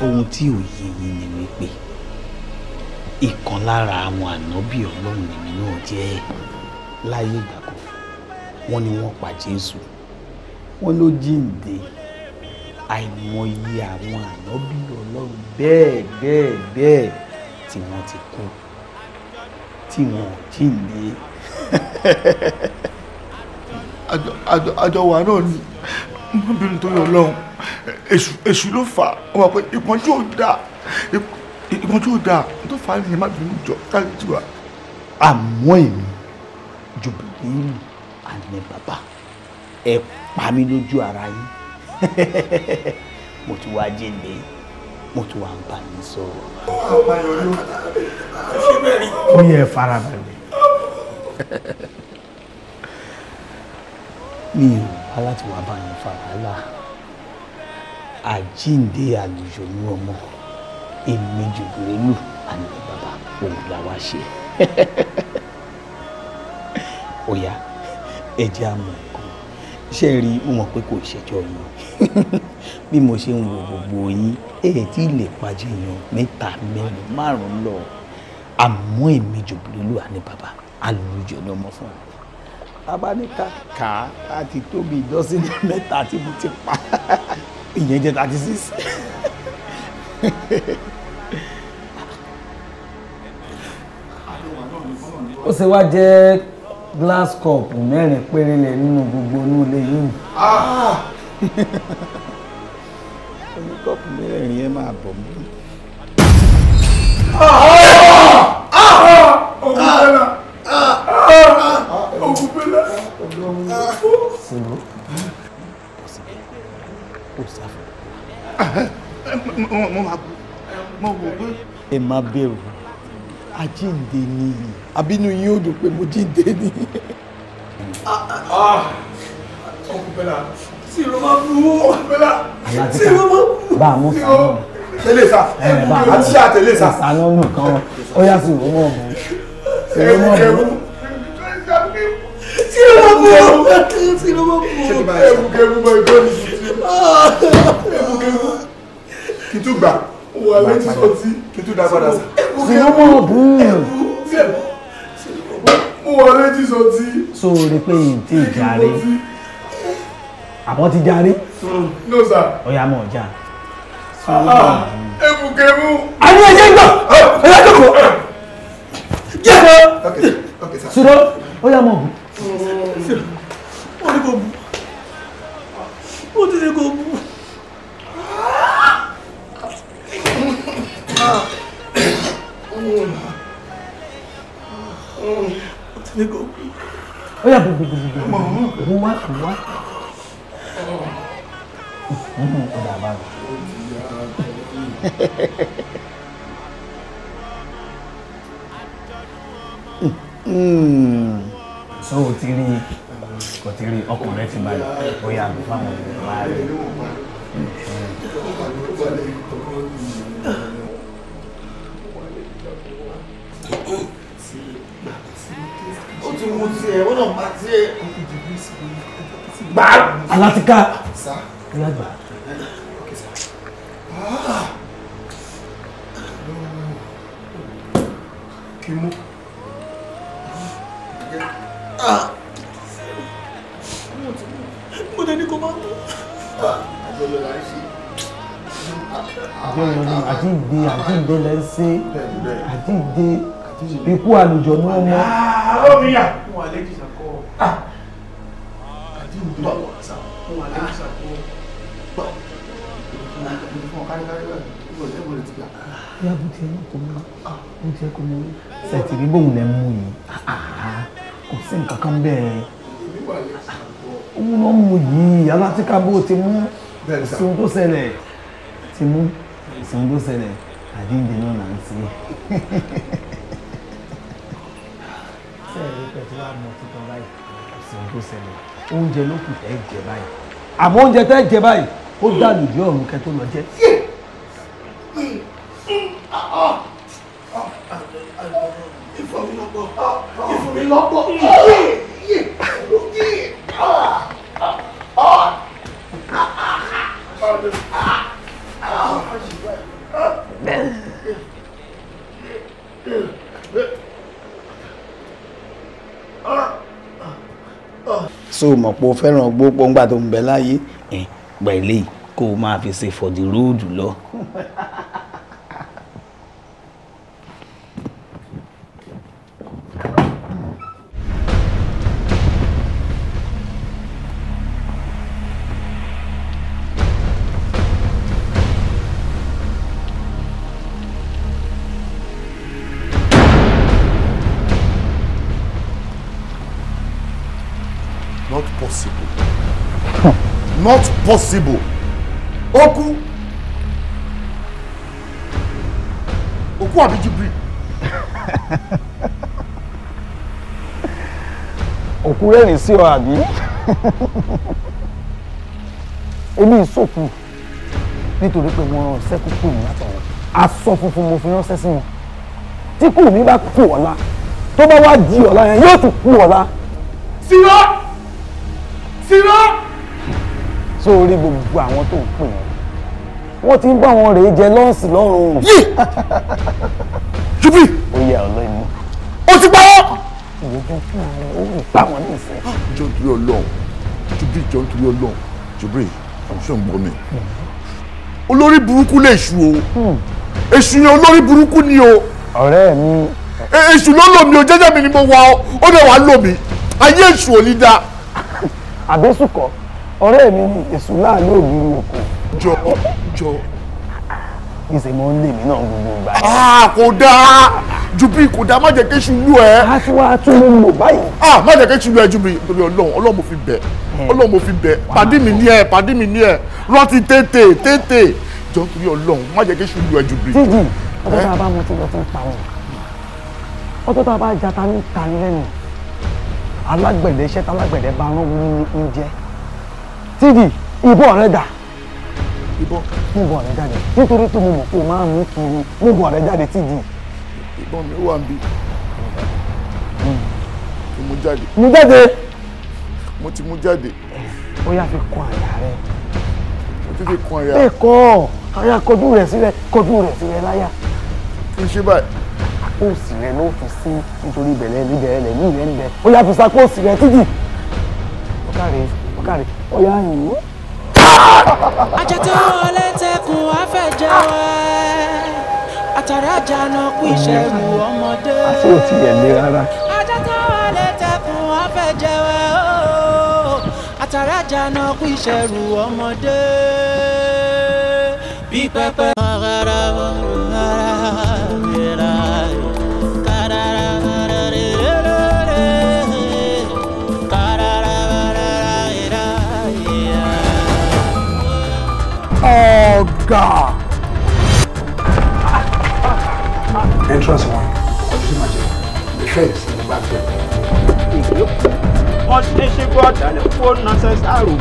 ohun tí òye yín ni wípé ìkan lára àwọn ànábì ọlọ́run nìmi náà jẹ́ láyé ìgbà kan wọ́n ní wọ́n pa Jésù wọ́n ló jíǹde àìmọye àwọn ànábì ọlọ́run bẹ́ẹ̀ bẹ́ẹ̀ bẹ́ẹ̀ tí wọ́n ti kú tí wọ́n jíǹde. àjọ àjọ àjọ wa náà ni mo bínú tó yọ ọlọ́run èṣù èṣù ló fà á wọn pé ìpọ́njú ò dáa ìpọ́njú ò dáa tó fà á nìyẹn má bínú jọ táyé tí wà. àmọ́ èmi jòbìlì àná bàbá ẹ pa mí lójú ara yín mo ti wá jẹ́lé mo ti wá ń bá yín sọ̀rọ̀. ó yẹ farabalẹ̀. mi ò wá láti wá bá yín fa wàhálà àjíǹde àlùjọ̀nù ọmọ èmi jùbìrìlù àná bàbá òun la wá ṣe ọ̀yá ẹ jẹ́ àmọ̀ nǹkan ṣe rí mo mọ̀ pé kò ṣẹjọ́ yín bí mo ṣe ń wo gbogbo yín èyí tí lè pàjẹ́ yan mẹ́ta mẹ́rin márùn-ún lọ àmọ́ èmi jùbìlélù àní bàbá alùjọ ni ọmọ fún mi abáníkà kà á ti tóbi ìjọsìn mẹ́ta tí mo ti pa. ìyẹn jẹ́ thirty six ó ṣe wá jẹ́ glass cup mẹ́rin péré lẹ̀ nínú gbogbo inú ilé yìí. oní kọ́ọ̀pù mẹ́rẹ̀ẹ̀rin yẹn máa bọ̀ mí. ogun pẹ̀lẹ́. ogun pẹ̀lẹ́ kò sáfù. mo máa bu mo wò pé. ẹ má bẹ̀rù àjíǹde ni àbínú yín ò dùn pé mo jíǹde ni. ọkùnbẹ́là sí ló máa bu ọkùnbẹ́là sí ló máa bu. bá a mú sànù. tẹ́lẹ̀ sà àti sà tẹ́lẹ̀ sà. sànù nìkan ó yà sí ìwọ́n mọ̀ ọ́n. ẹ̀rù kẹ̀rù sí ló máa bu ọkùnbẹ́là sí ló máa bu ọkùnbẹ́là. ẹ̀rù kẹ̀rù mọ̀ ìgbọ́n mi ẹ̀bùkẹ́bù kí tó gbà wà létí sọtí kí tó dá padà sí. ẹ̀bùkẹ́bù ẹ̀bùkẹ́bù wà létí sọtí. so rí pé yìí tí ì jàre àbọ̀ ti jàre. no sir. ọ̀yà mọ̀ ọ̀jà. Ah, ah. ẹ̀bùkẹ́bù. a ní ẹjẹ́ gbà ẹ̀yà tó kọ̀ jẹ́ kọ́. sùdọ́ ọ̀yà mọ̀ ọ̀gùn. wọ́n ní kò bù ó ti ṣe kó bú. ó ti ṣe kó bú. ó yà bù bù bù bù bù wá bù wá. ó dà bá mi. Mm. So, Tini kò ti rí ọkùnrin ti balẹ̀ ó yà gbé fáwọn obìnrin máa rí. ó ti mú tiẹ̀ wọ́n náà bá tiẹ̀. gbà á. alátíká. ìyá gbà. Ah! kí mú. Ah! dẹ̀ ní kò máa tó. àjọyọ̀ la ń ṣe. àjọyọ̀ ni àjíǹde àjíǹde lẹ ń ṣe àjíǹde ikú àlùjọ ní ọmọ. Ah, ó mi yà. fún àlejò ìṣàkọ́ ah. àjíǹde bá wà sá fún àlejò ìṣàkọ́ gbà fún káríkárí rẹ̀ yà bó tiẹ̀ náà kò mú bó tiẹ̀ kò mú sẹ̀tìrì bóun lẹ̀ mú yìí ah, kò sí nǹkan kan bẹ́ẹ̀ òun ló mú yìí alátìkábó ti mú sun tó ṣẹlẹ̀ ti mú sun tó ṣẹlẹ̀ àdínde náà là ń ṣe. sẹ́ẹ̀rì pẹ̀tù wa mọ̀ títọ́ báyìí sun tó ṣẹlẹ̀ oúnjẹ ló kù tẹ́ jẹ báyìí àmọ́ oúnjẹ tẹ́ jẹ báyìí ó dà lùdí ọ̀run kẹ́ tó lọ jẹ. ìfọ̀mílọ́pọ̀ ìfọ̀mílọ́pọ̀ yé yé yé. so mọ̀ pé o fẹ́ràn gbó pọ́ngbà tó ń bẹ láyé ẹ̀ pẹ̀lẹ́ kó o máa fi ṣe for the road lọ. not possible Oku, oku òkú àbí Oku òkú rẹ́rìn sí ọ àbí èmi ìsòkù nítorí pé mo ràn ṣẹ́kù kù látọ̀wọ́ aṣọ funfun mo fi ránṣẹ́ sí wọn tí kù mí bá kù ọ̀la tó bá wá di ọ̀la yẹn yóò tún kù ọ̀la. sirọ́ sirọ́ sórí gbogbo àwọn tó ń pè wọ́n wọ́n ti ń bá wọn rèé jẹ lọ́ọ̀sì lọ́rùn. yìí ṣubí. ó yà ọ lẹ́nu. ó ti pa wọ́n. ìyẹ́jọ́ fún ara ó lè bá wọn ní ìsìn. Ah, jọ nítorí Ọlọ́run ṣubí jọ nítorí Ọlọ́run ṣubí ṣe ń gbọ́ mi. Mm-hmm. olórí burúkú lè ṣu o hmm. èṣù yẹn olórí burúkú ni o. ọ̀rẹ́ mi. E, èṣù ló lò mí o jẹ́jẹ́ mi ni mo wà ó ó dẹ̀ wá lò mí ayé èṣù ò ní dáa. àbẹ́sùkọ̀ ọ̀rẹ́ mi ni èso náà ló rí oko. jọ jọ. gbèsè mo ń lè mí náà gbogbo ìgbà. Ah, kò dáa jubi kò dáa má jẹ́ kéṣu lú ẹ. a ti wá tún ló ń lò báyìí. Ah, má jẹ́ kéṣu lú ẹ jubi nítorí ọlọ́run ọlọ́run mo fi bẹ̀ ọlọ́run mo fi bẹ̀ pàdí mi ní ẹ pàdí mi ní ẹ rántí tètè tètè jọ nítorí ọlọ́run má jẹ́ kéṣu lú ẹ jubi. jíjì ọjọ́ tá a bá mu ti lọ fún pa ọjọ́ tá a bá jata ní ìtàn lẹ́nu alágbẹ̀dẹ iṣẹ́ tálágbẹ̀dẹ bá rán wúni ní oúnjẹ sídì ìbọn rẹ dà ìbọn ìbọn rẹ jáde nítorí tó mo mọ̀ pé o máa ń mú kiri ìbọn rẹ jáde sídì. ìbọn mi wà ń bí mo jáde. mo jáde. mo ti mú jáde. ó yá fi kún àyà rẹ. mo ti fi kún àyà. bẹ́ẹ̀ kọ́ àyà kọjú rẹ̀ sílẹ̀ kọjú rẹ̀ sílẹ̀ láyà. kí n ṣe báyìí àpòsì rẹ ló fi sí nítorí ìbẹ̀rẹ̀ níbẹ̀rẹ̀ lẹ̀ ní ìrẹ́ ń bẹ ó yá fi sa àpòsì rẹ títì. ọ̀gá rẹ̀ káre ọ̀yá yìnyín. ajá tí wọn lè tẹkùn afẹjẹwẹ àtàrà àjànà kú ìṣẹ̀rù ọmọdé. àti òtí yẹn lé rárá. ajá tí wọn lè tẹkùn afẹjẹwẹ àtàrà àjànà kú ìṣẹ̀rù ọmọdé. bí pẹpẹ. God. Entrance one. What máa jẹ. The fence ni gba fẹ́. Wọ́n ti ṣe bọ́ àdálẹ̀ fún nọ́sẹ̀sì àrò.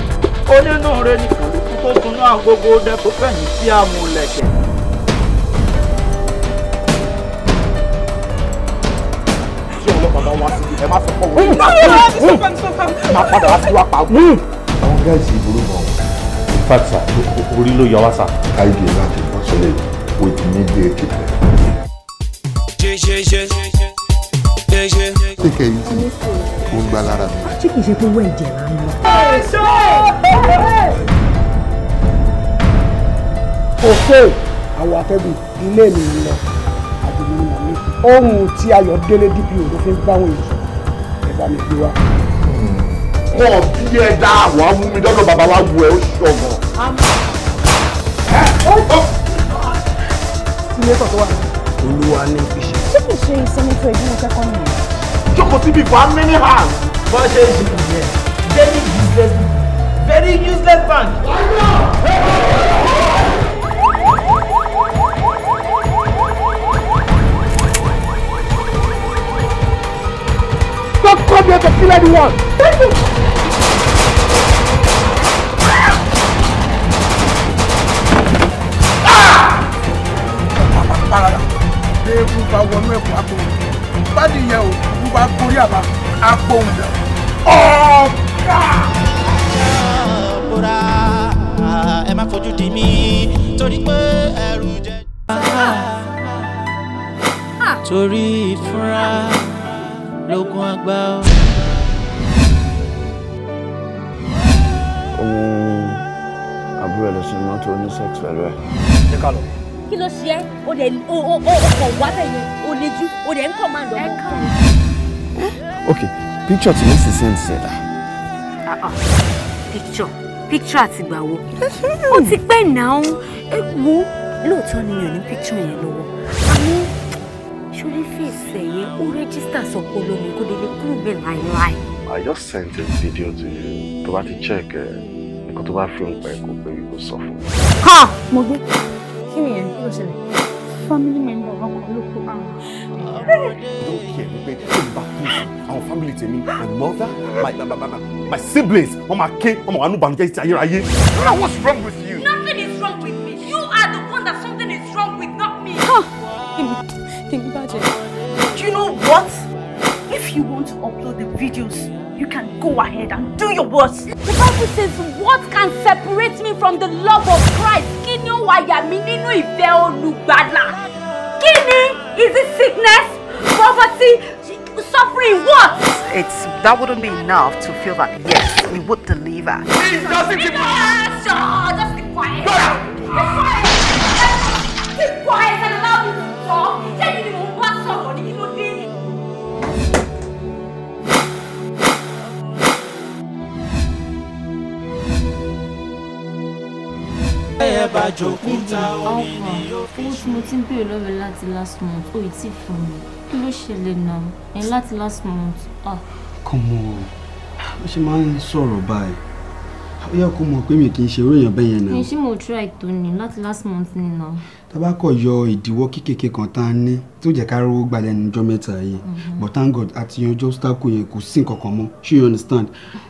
Onínúure ni kàlùkù tó sunú àgógó dẹ́kun fẹ̀yìn sí àmúlẹ̀kẹ̀. Tí ọlọ́pàá bá wá síbi, ẹ má sọ fọwọ́. Má padà wá sí wàpá. Àwọn gáàsì ìbúrú bọ̀ fact sir orí ló yọ wá sir. I did not impersonate with immediate effect. Take it easy. Ó ń gbá lára mi. Ṣé kìí ṣe pé owó ẹ̀jẹ̀ máa ń lọ? Èso! Òkè àwọn akẹ́bí ilé mi ń lọ. Àdìmọ́ ni màmí. Ohun tí Ayọ̀délé DPO ló fi ń bá àwọn èèyàn. Ẹ bá mi gbé wá wọn bí ẹ dá àwọn mú mi dọ́dọ̀ bàbá wa wù ẹ́ ó ṣọ̀gbọ̀n. ilé olúwa ní ìṣe. ṣé kò ṣe ìsọmọtò ìdílé kẹ́kọ̀ọ́ nìyẹn. jókòó síbi ìfà mini hand. bó ṣe ń ṣe ìyẹn very useless very useless bank. Don't come here to kill anyone! parada pé kú bá wọnú ẹ̀kọ́ àpòwò bádìí yẹ o kú bá gorí àbá àpòwò dà ọ̀gá. bóra ẹ má fojú di mí torí pé ẹrù jẹ. Ah! torí ìfúnra lógún àgbà o. ohun àbúrò ẹ lọ sí mọ́tò oní sex pẹ̀lú ẹ. ṣé ká lọ kí ló ṣe ẹ́ o dẹ̀ o o o ọkọ̀ wá bẹ̀yẹn o lejú o dẹ̀ ń máa lọ. ok picture tí mrs send ṣe dà. Ah, ah. picture picture àtìgbà wo ó ti pẹ́ náà ẹ wo lóòótọ́ ni yàn ní picture yẹn lọ́wọ́ àmọ́ ṣọlẹ́ fèsì ẹ̀yẹ ó rẹ́gísítà sọ̀pọ̀ lómi kó délé kúrò bẹ́ẹ̀ láéláé. I just sent a video to you tó bá ti check ẹ̀ eh, nǹkan tó bá fi ń pa ẹ̀kọ́ pé kò sọ fún mi. mo gbé. family member oko àrùn. don't care family tèmi my mother my my my my siblings wọn máa ké wọn máa wà ní ìbànújẹ́ ti ayérayé. what's wrong with you. nothing is wrong with me you are the one that something is wrong with not me. kí n bàjẹ́. do you know what if you want to upload the videos. You can go ahead and do your worst. The Bible says, What can separate me from the love of Christ? ni ó wà yà mí nínú ìfẹ́ olùgbàlà kí ni is it sickness poverty suffering what. it's that wouldn't be enough to feel that yes we would deliver. please just keep quiet. just keep quiet. keep quiet. keep quiet. bẹ́ẹ̀ bá jòkúta omi ni oh yóò fi ṣe. mo ti ń béèrè lọ́wọ́ láti last month ó ì tí fún mi kí ló ṣẹlẹ̀ náà ẹ̀ láti last month. kọ́mọ ah. ó ṣe máa ń sọ̀rọ̀ báyìí ó yẹ kó mọ̀ pé mi kì í ṣe oróyàn bẹ́ẹ̀ yẹn náà. mi ṣé mo try tó ní láti last month ni náà. tábà kọ̀ yọ ìdíwọ́ kékèké kan tá a ní tó jẹ́ ká rówó gbalẹ̀ níjọ́ mẹ́ta yìí mm-hmm. but thank god àti yanjú obstacle yẹn kò sí nǹkan kan mọ́ ṣé you understand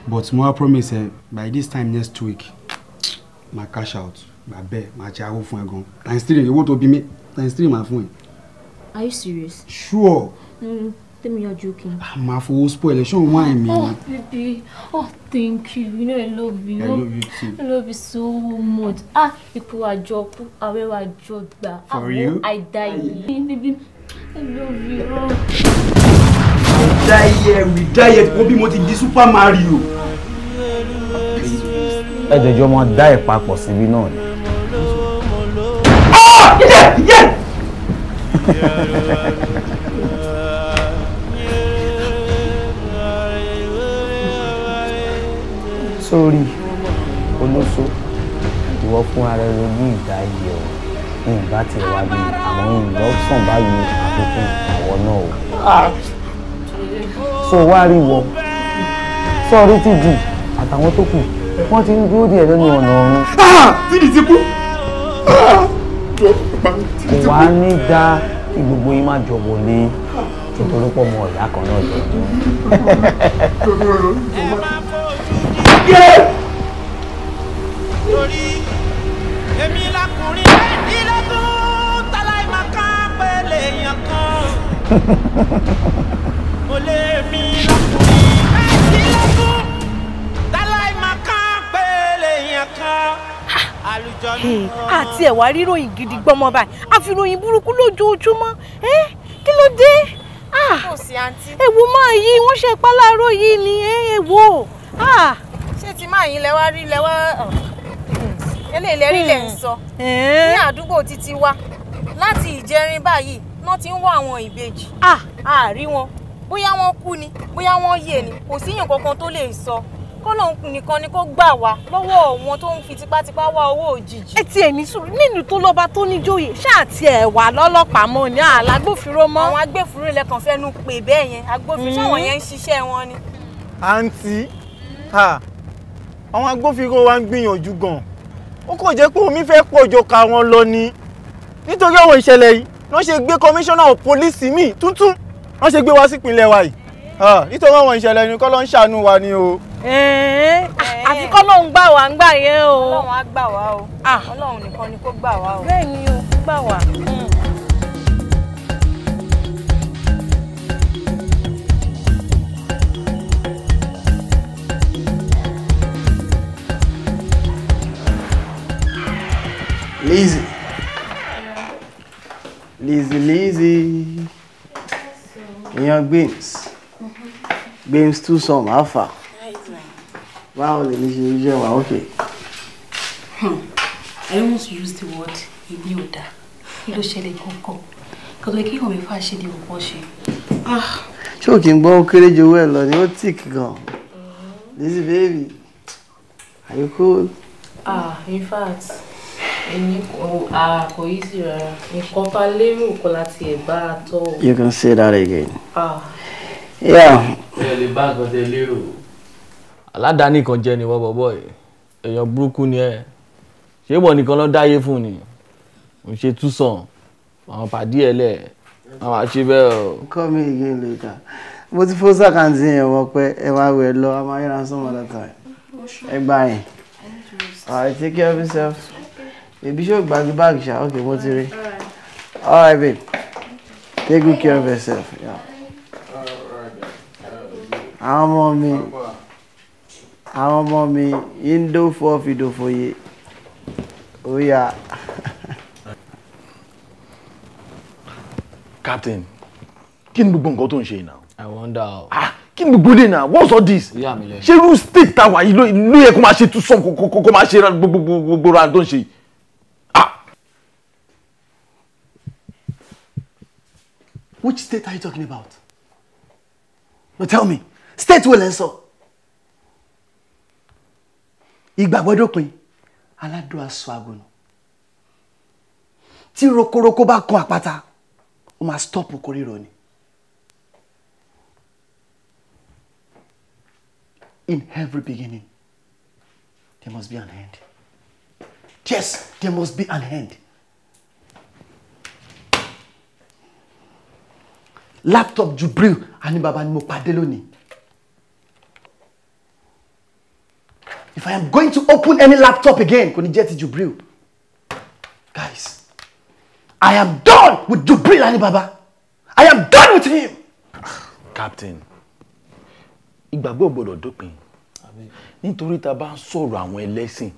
but mo wá promise by this time next week my cash out bàbẹ́ màá ṣe awó fún ẹ gan times three owó tó bí mi times three màá fún ẹ. are you serious. sure. Mm, tell me you're joking. ah màá fowó spoil ẹ ṣé òun wáìn mi. oh baby oh thank you you know i love you. i oh, love you too. i love you so much. ah ipò àjọ àwẹ̀ wà jọ gbà. Ah, for you. i die yìí. baby i love you. Oh. I die here we die here wọ́n bí mo ti di super mario. ẹ jẹjọ ọmọ dá ẹ papọ̀ síbi náà ni. sórí olóso ìwọ fún ara ẹ lójú ìgbà yìí o ìgbà tí wàá bí àwọn ìlọ sàn báyìí àfikún àwọ náà o. so wá rí wọ sọrí tìjì àtàwọn tó kù wọ́n ti ń dúró díẹ̀ lẹ́nu ọ̀nà ọ̀run. Ah! tìjì ti kú. Ah! kò wá ní dá kí gbogbo yín má jọ wọlé nítorí pọ̀ mọ́ kan náà jọ. mo lè mi. Hmm, àti ẹ̀wà ríròyìn gidi gbọ́mọ báyìí àfìròyìn burúkú lójoojúmọ́ kí ló dé ewu ah, máa yí wọ́n ṣe pa láàárọ̀ yìí ni ewo. Ah. ṣé ti máa yín lẹ́wà rí lẹ́wà eléyìí lẹ́rí lẹ́ ń sọ ní àdúgbò títí wa láti ìjẹrin báyìí wọ́n ti ń wá àwọn ìbejì àárí ah. wọn bóyá wọ́n kú ni bóyá wọ́n yè ni kò síyàn kankan tó lè sọ kọ́lọ́hún nìkan ni kó gbà wá lọ́wọ́ wọn tó ń fi tipátipá wá owó òjijì. ẹ ti ẹ̀mí sùúrù nínú tó lọ́ba tó níjòyè ṣáà ti ẹ̀ wà lọ́lọ́pàá mọ́ ní alágbófinró mọ́. àwọn agbófinró ilẹ̀ kan fẹ́nu pè bẹ́ẹ̀ yẹn agbófinró ṣáwọn mm-hmm. yẹn ń ṣiṣẹ́ wọn ni. àǹtí àwọn agbófinró wa ń gbìyànjú gan ó kò jẹ́ pé omi fẹ́ pọ̀jọ ka wọn lọ ni nítorí àwọn ìṣẹ̀lẹ̀ yìí wọ́n ṣe gbé kọmíṣánná pólísì míì tuntun wọ́n ṣe gbé wá sípínlẹ̀ wa yìí nítorí àwọn ìṣẹ̀lẹ̀ yìí Eh, eh. àfi kọ́ lóun gbà wá ń gbà yẹn o. ọlọ́run á gbà wá o ah. ọlọ́run nìkan ni kó gbà wá o. bẹ́ẹ̀ ni o gbà wá. Hmm. Lizzy. Lizzy, Lizzy. Yes, yeah, Gbéms. too báwo lè ní ṣe iṣẹ́ wa ókè. Hmm. I almost used the word ibi You don't share the ṣẹlẹ̀ kọ̀ọ̀kan kò tó kí ìwọ̀n mi fà ṣe Ah, choking, ṣe. ṣé òkè well, gbọ́ ó kéré ju This ẹ̀ mm-hmm. baby are you cool. ah in fact èmi ah, yí sí rárá nǹkan tá a lérò kọ́ láti ẹ̀bá àtọ̀. you can say that again. ah. yeah. The bag was a little aládàáni kan jẹ́ ni wọ́n bọ̀bọ̀ yìí èèyàn burúkú ni ẹ ṣé wọ́n nìkan ló dáyé fún ni mo ṣe túsàn àwọn pàdé ẹ lẹ̀ àwọn àṣẹ bẹ́ẹ̀ o. call me again later mo ti fọ́ sàkáǹtì yẹn wọ́n pẹ́ ẹ wá wẹ̀ lọ a máa yẹra sọ́mọ́ lọ́tà ẹ gbà yẹn alright take care of yourself ebi ṣe gbàgbé bag ṣá ok mo ti All right, babe take good care of yourself. àwọn ọmọ mi àwọn ọmọ mi ń dófò fìdòfòye ó yá. captain kí ni gbogbo nǹkan tó ń ṣe náà. i wonder o. ah kí ni gbogbo dé náà what's all this. ìyá mi lẹ. ṣé irú state tá a wà yìí ló yẹ kó máa ṣe tún sàn kó máa ṣe gbogbo ra tó ń ṣe yìí. Ah. Which state are you talking about? Now tell me, state wo lẹ ìgbàgbọ́ aládùn aṣọ àgùnà tí rokoroko bá kan àpáta ó máa stop koríro ni in every beginning there must be an end yes there must be an end laptop Jubril àní bàbá ni mo pàdé lónìí. I am going to open any laptop again, kò ní jẹ́ ti Jubril. Guys, I am done with Jubril Alibaba. I am done with him. Captain, ìgbàgbọ́ gbọ́dọ̀ dópin. Nítorí tá a bá ń sọ̀rọ̀ àwọn ẹlẹ́sìn,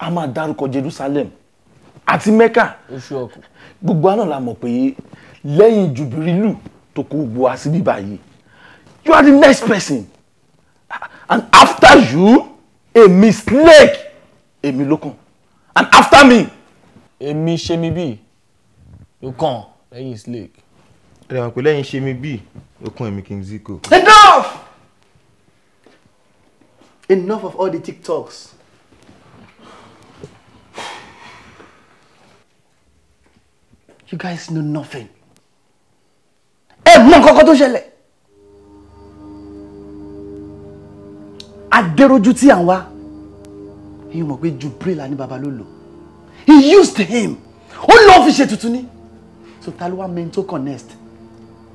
a máa dárúkọ Jerusalem àti Mecca. Gbogbo àná la mọ̀ pé lẹ́yìn Jubrilu tó kó gbogbo wa síbí báyìí. You are the next person. And after you. A mistake, èmi ló kàn and after me. èmi ṣe mi bíi ló kàn lẹ́yìn snake. ẹ ràn pé lẹ́yìn ṣe mi bíi ló kàn èmi King Zico. enough enough of all the tiktoks. you guys know nothing. ẹ mọ nǹkan kan tó ṣẹlẹ̀. adéròjú tí à ń wá èyí mọ̀ pé Jubril ní baba ló lò he used him ó lọ fi ṣe tuntun ní so ta ló wá mento connect.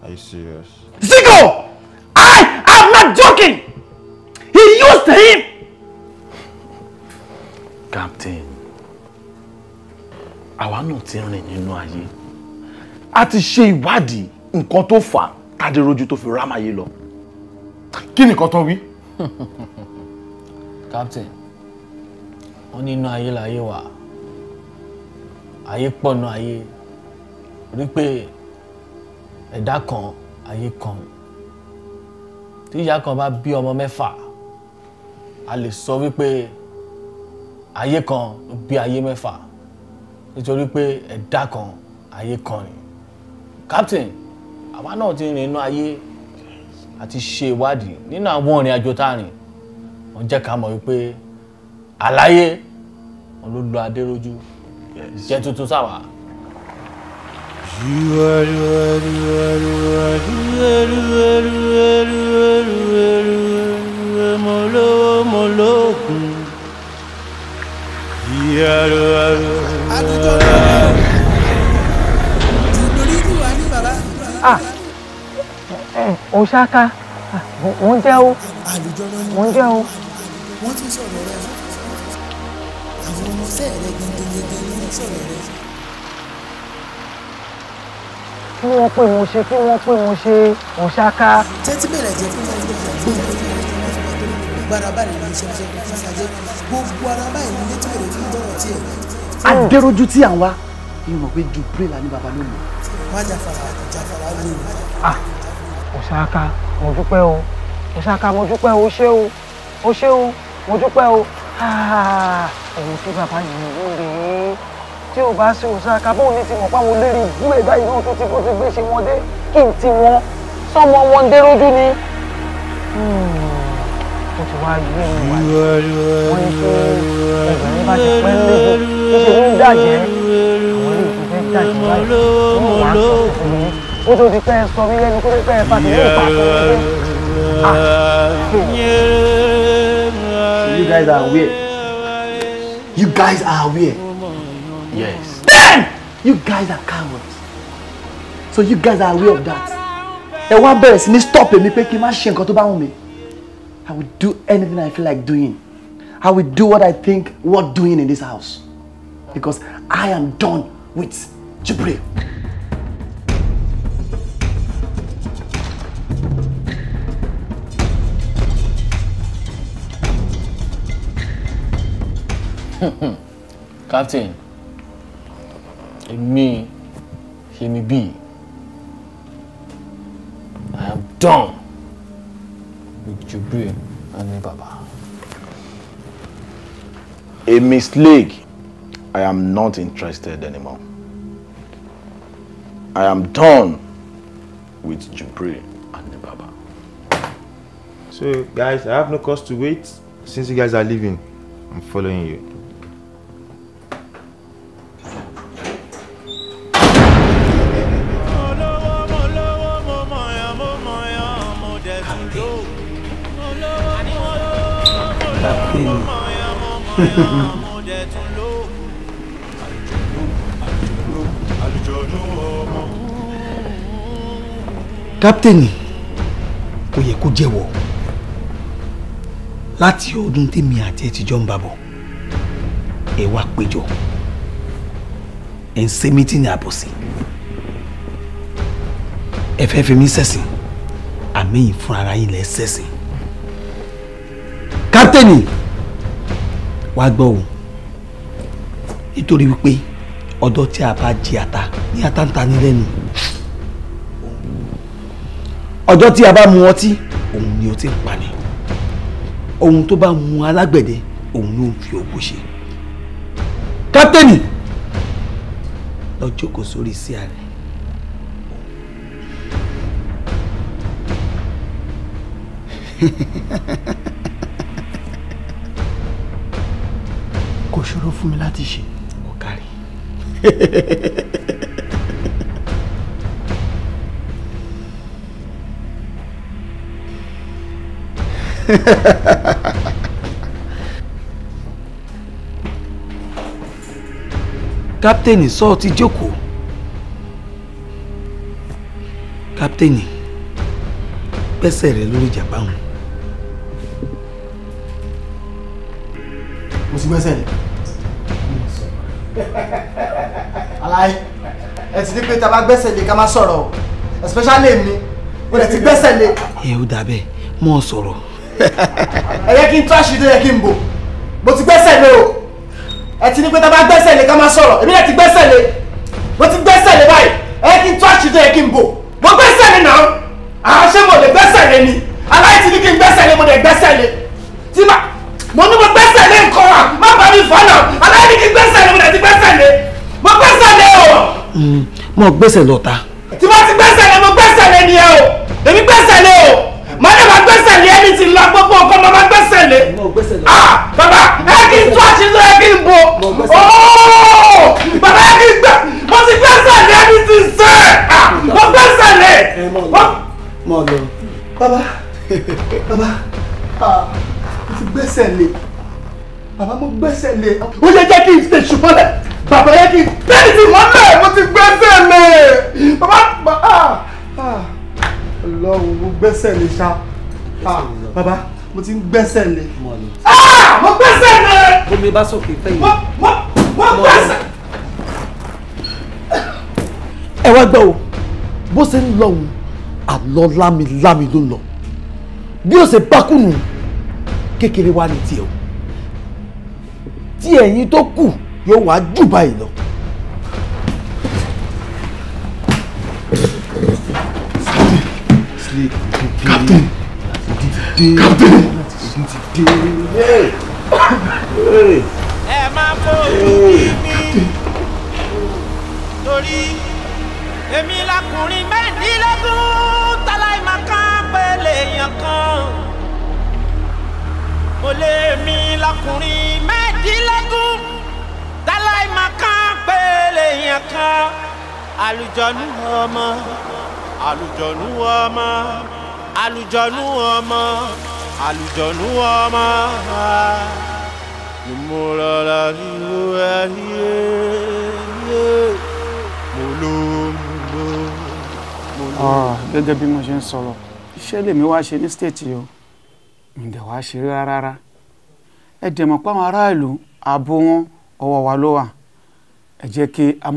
are you serious. Zigo, I am not joking he used him. captain àwa náà ti rìn nínú ayé a ti ṣe ìwádìí nǹkan tó fà á tádé rojú tó fi rámáyé lọ. kí nìkan tó wí. captain wọ́n ní inú ayé láyé wà ayé pọ̀nù ayé rí pé ẹ̀dá kan ayé kan tí ìyá kan bá bí ọmọ mẹ́fà a lè sọ wípé ayé kan ló bí ayé mẹ́fà nítorí pé ẹ̀dá kan ayé kan ni captain àwa náà ti rìn inú ayé àti ṣe ìwádìí nínú àwọn ìrìn àjò tá a rìn wọ́n jẹ́ ká mọ̀ wípé àlàyé wọn ló lọ adérójú jẹ́ tuntun sáwà. mo lówó mo lóògùn. ah ẹ ò ṣáká mò ń jẹ́ o mò ń jẹ́ o. wọ́n ti sọ̀rọ̀ rẹ àwọn ọmọọṣẹ́ rẹ gbẹngbẹngbẹ ni wọ́n sọ̀rọ̀ rẹ. kí wọ́n pé mo ṣe kí wọ́n pé mo ṣe ò ṣáká. tẹ́tí bẹ̀rẹ̀ jẹ́ fún wọn gbogbo ara báyìí ní iṣẹ́ iṣẹ́ gbogbo ara báyìí ní létí bẹ̀rẹ̀ fún tọrọ tiẹ̀. adéròjú tí à ń wá ìmọ̀ pé ju bírèlà ní babalóhùn. má ah, jàfàrà jàfàrà lè wá òsáká mo dúpẹ́ o òsáká mo dúpẹ́ o ṣé o o ṣé o mo dúpẹ́ o ah, ẹ̀yìn tí bàbá yìí ń rèé tí o bá ṣe òsáká bóun ní ti mọ̀ pé àwọn olórí ìbú ẹ̀dá ìlú tó ti bó ti gbé ṣe wọn dé kí n ti wọn sọmọ wọn dé lójú ni. mo hmm, ti wá yé mi wá wọn ní pé ẹgbẹ̀rún bá ti pẹ́ lójú tó ṣe ń dàjẹ́ àwọn olórí ìbú fẹ́ dàjẹ́ báyìí wọn wá sọ fún ó tó ti pẹ́ sọ mí lẹ́nu kó You guys are aware. You guys are aware. Yes. Then you guys are cowards. So you guys are aware of that. Ẹ wá bẹ̀rẹ̀ sí ní stop èmi pé kí n má ṣe nǹkan tó bá wù mí. I will do anything I feel like doing. I will do what I think worth doing in this house. Because I am done with Jibril. captain èmi Yemi B I am done with Jubril and Baba. A Slake I am not interested anymore. I am done with Jubril and Baba. So guys, I have no cause to wait. Since you guys are leaving, I'm following you. kápítẹ́nì kò yẹ kó jẹ́wọ́ láti ọdún tèmi àti ẹ ti jọ ń bàbọ̀ ẹ wá péjọ ẹ ń ṣe mítìnì àbọ̀sí ẹ fẹ́ fi mí ṣẹ̀sìn àmì ìfúnra yín lẹ́ ṣẹ̀sìn kápítẹ́nì wá gbọ́ o nítorí wípé ọ̀dọ́ tí a bá jí ata ní ata ń ta ní lẹ́nu ọjọ́ tí a bá mu ọtí òun ni ọtí ń pani ohun tó bá mu alágbẹ̀dẹ òun ló ń fi ògùn ṣe kátẹ́nì lọ jókòó sórí sí ààrẹ. Ha kò ṣòro fún mi láti ṣe ó kárí. káptẹ́nì sọ́ọ́ ti jókòó káptẹ́nì pẹ́sẹ̀ rẹ lórí ìjàmbá wọn. mo ti gbẹ́sẹ̀ rẹ̀. di pé tá bá gbẹ́sẹ̀ lé ká má sọ̀rọ̀ o especially mi mo lè ti gbẹ́sẹ̀ lé. ẹ ó dà bẹ́ẹ̀ mọ́ ọ sọ̀rọ̀. ẹ yẹ kí n tó àṣírí tó yẹ kí n bò mo ti gbẹ́sẹ̀ lé o ẹ ti ní pé tá bá gbẹ́sẹ̀ lé ká má sọ̀rọ̀ èmi lè ti gbẹ́sẹ̀ lé mo ti gbẹ́sẹ̀ lé báyìí ẹ yẹ kí n tó àṣírí tó yẹ kí n bò mo gbẹ́sẹ̀ lé náà àṣẹ mo lè gbẹ́sẹ̀ lé ni aláìtí ní kí n gbẹ́sẹ̀ lé mo lè gbẹ́sẹ̀ lé. mo gbẹ́sẹ̀ lọ tí wọ́n ti gbẹ́sẹ̀ lé mo gbẹ́sẹ̀ lé ni ẹ o èmi gbẹ́sẹ̀ lé o màá lè máa gbẹ́sẹ̀ lé ẹni tí lọ gbogbo nǹkan máa máa gbẹ́sẹ̀ lé. ah bàbá ẹ kì í tún àṣìṣe ẹ kì í bo ooo ẹ kì í gbẹ mo ti gbẹ́sẹ̀ lé ẹni tí ń ah, mo gbẹ́sẹ̀ lé. mo lọ bàbá bàbá ah, mo ti gbẹ́sẹ̀ lé bàbá mo gbẹ́sẹ̀ lé ó yẹ jẹ́ kí n ṣe ṣùgbọ́n lẹ́ bàbá yẹ kí bẹ́ẹ̀ ti mọ́lẹ̀ mo ti gbẹ́sẹ̀ lé bàbá bàbá ah, ah. ọlọ́run mo gbẹ́sẹ̀ lé ṣá ah, bàbá mo ti ń gbẹ́sẹ̀ lé mo gbẹ́sẹ̀ lé. omi bá sọ̀kè fẹ́ yìí. mo mo gbẹ́sẹ̀. ẹ wá gbọ́ o bó ṣe ń lọ òun àlọ́ lámilámi ló ń lọ bí ó ṣe bá kùnú kékeré wá ní tiẹ̀ o tí ẹ̀yin tó kù yóò wá jù báyìí lọ. captain captain ẹ máa mọ orí mi torí èmi lakunrin mẹ́rìndínlógún táláìmọ̀kan pẹ̀lẹ́ èèyàn kan mo lè mi lakunrin mẹ́rìndínlógún aláìmọ̀kan ah, pèlè yẹn kan àlùjọ̀nú ọmọ àlùjọ̀nú ọmọ àlùjọ̀nú ọmọ àlùjọ̀nú ọmọ mo rọra ní ìwé ayé mo ló mo ló mo ló. gẹ́gẹ́ bí mo ṣe ń sọ̀rọ̀ iṣẹ́ lèmi wá ṣe ní stéètì o ǹdẹ̀ wá ṣe rárá ẹ dẹ̀ mọ̀ pé àwọn aráàlú ààbò wọn ọwọ́ wa ló wà ẹ jẹ́ kí a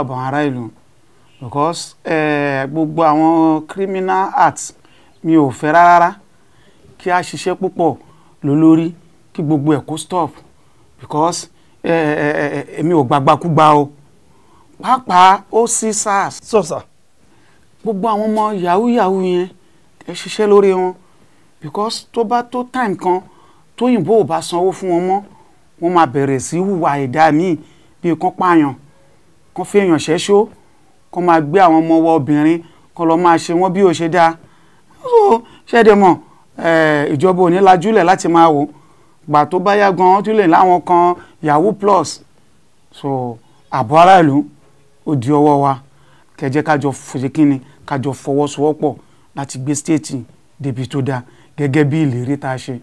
àbọ̀ ará ìlú because gbogbo àwọn criminal acts mi ò fẹ́ rárá kí a ṣiṣẹ́ púpọ̀ lólórí kí gbogbo ẹ̀ kó stop because èmi ò gbàgbàkúgbà o pàápàá ó sí SARS. sọ sà. gbogbo àwọn ọmọ yahoo yahoo yẹn ẹ ṣiṣẹ́ lórí wọn because tó bá tó time kan tóyìnbó ò bá sanwó fún wọn mọ́ wọ́n máa bẹ̀rẹ̀ sí hùwà ẹ̀dá míì bíi kán pààyàn kán fi èèyàn ṣẹ́ṣó kán máa gbé àwọn ọmọ wa obìnrin kán lọ́ọ́ máa ṣe wọ́n bí ó ṣe dáa ó ṣẹ́dẹ̀ mọ̀ ìjọba ò ní lajúlẹ̀ láti máa wò gbà tó bá yá gan-an tún lè láwọn kan yahoo plus so àbọ̀ aráàlú ó di ọwọ́ wa kẹjẹ kájọ fòṣekínni kájọ fọwọ́sowọ́pọ̀ láti gbé stéètì débi tó dáa gẹ́gẹ́ bí ìlérí tá a ṣe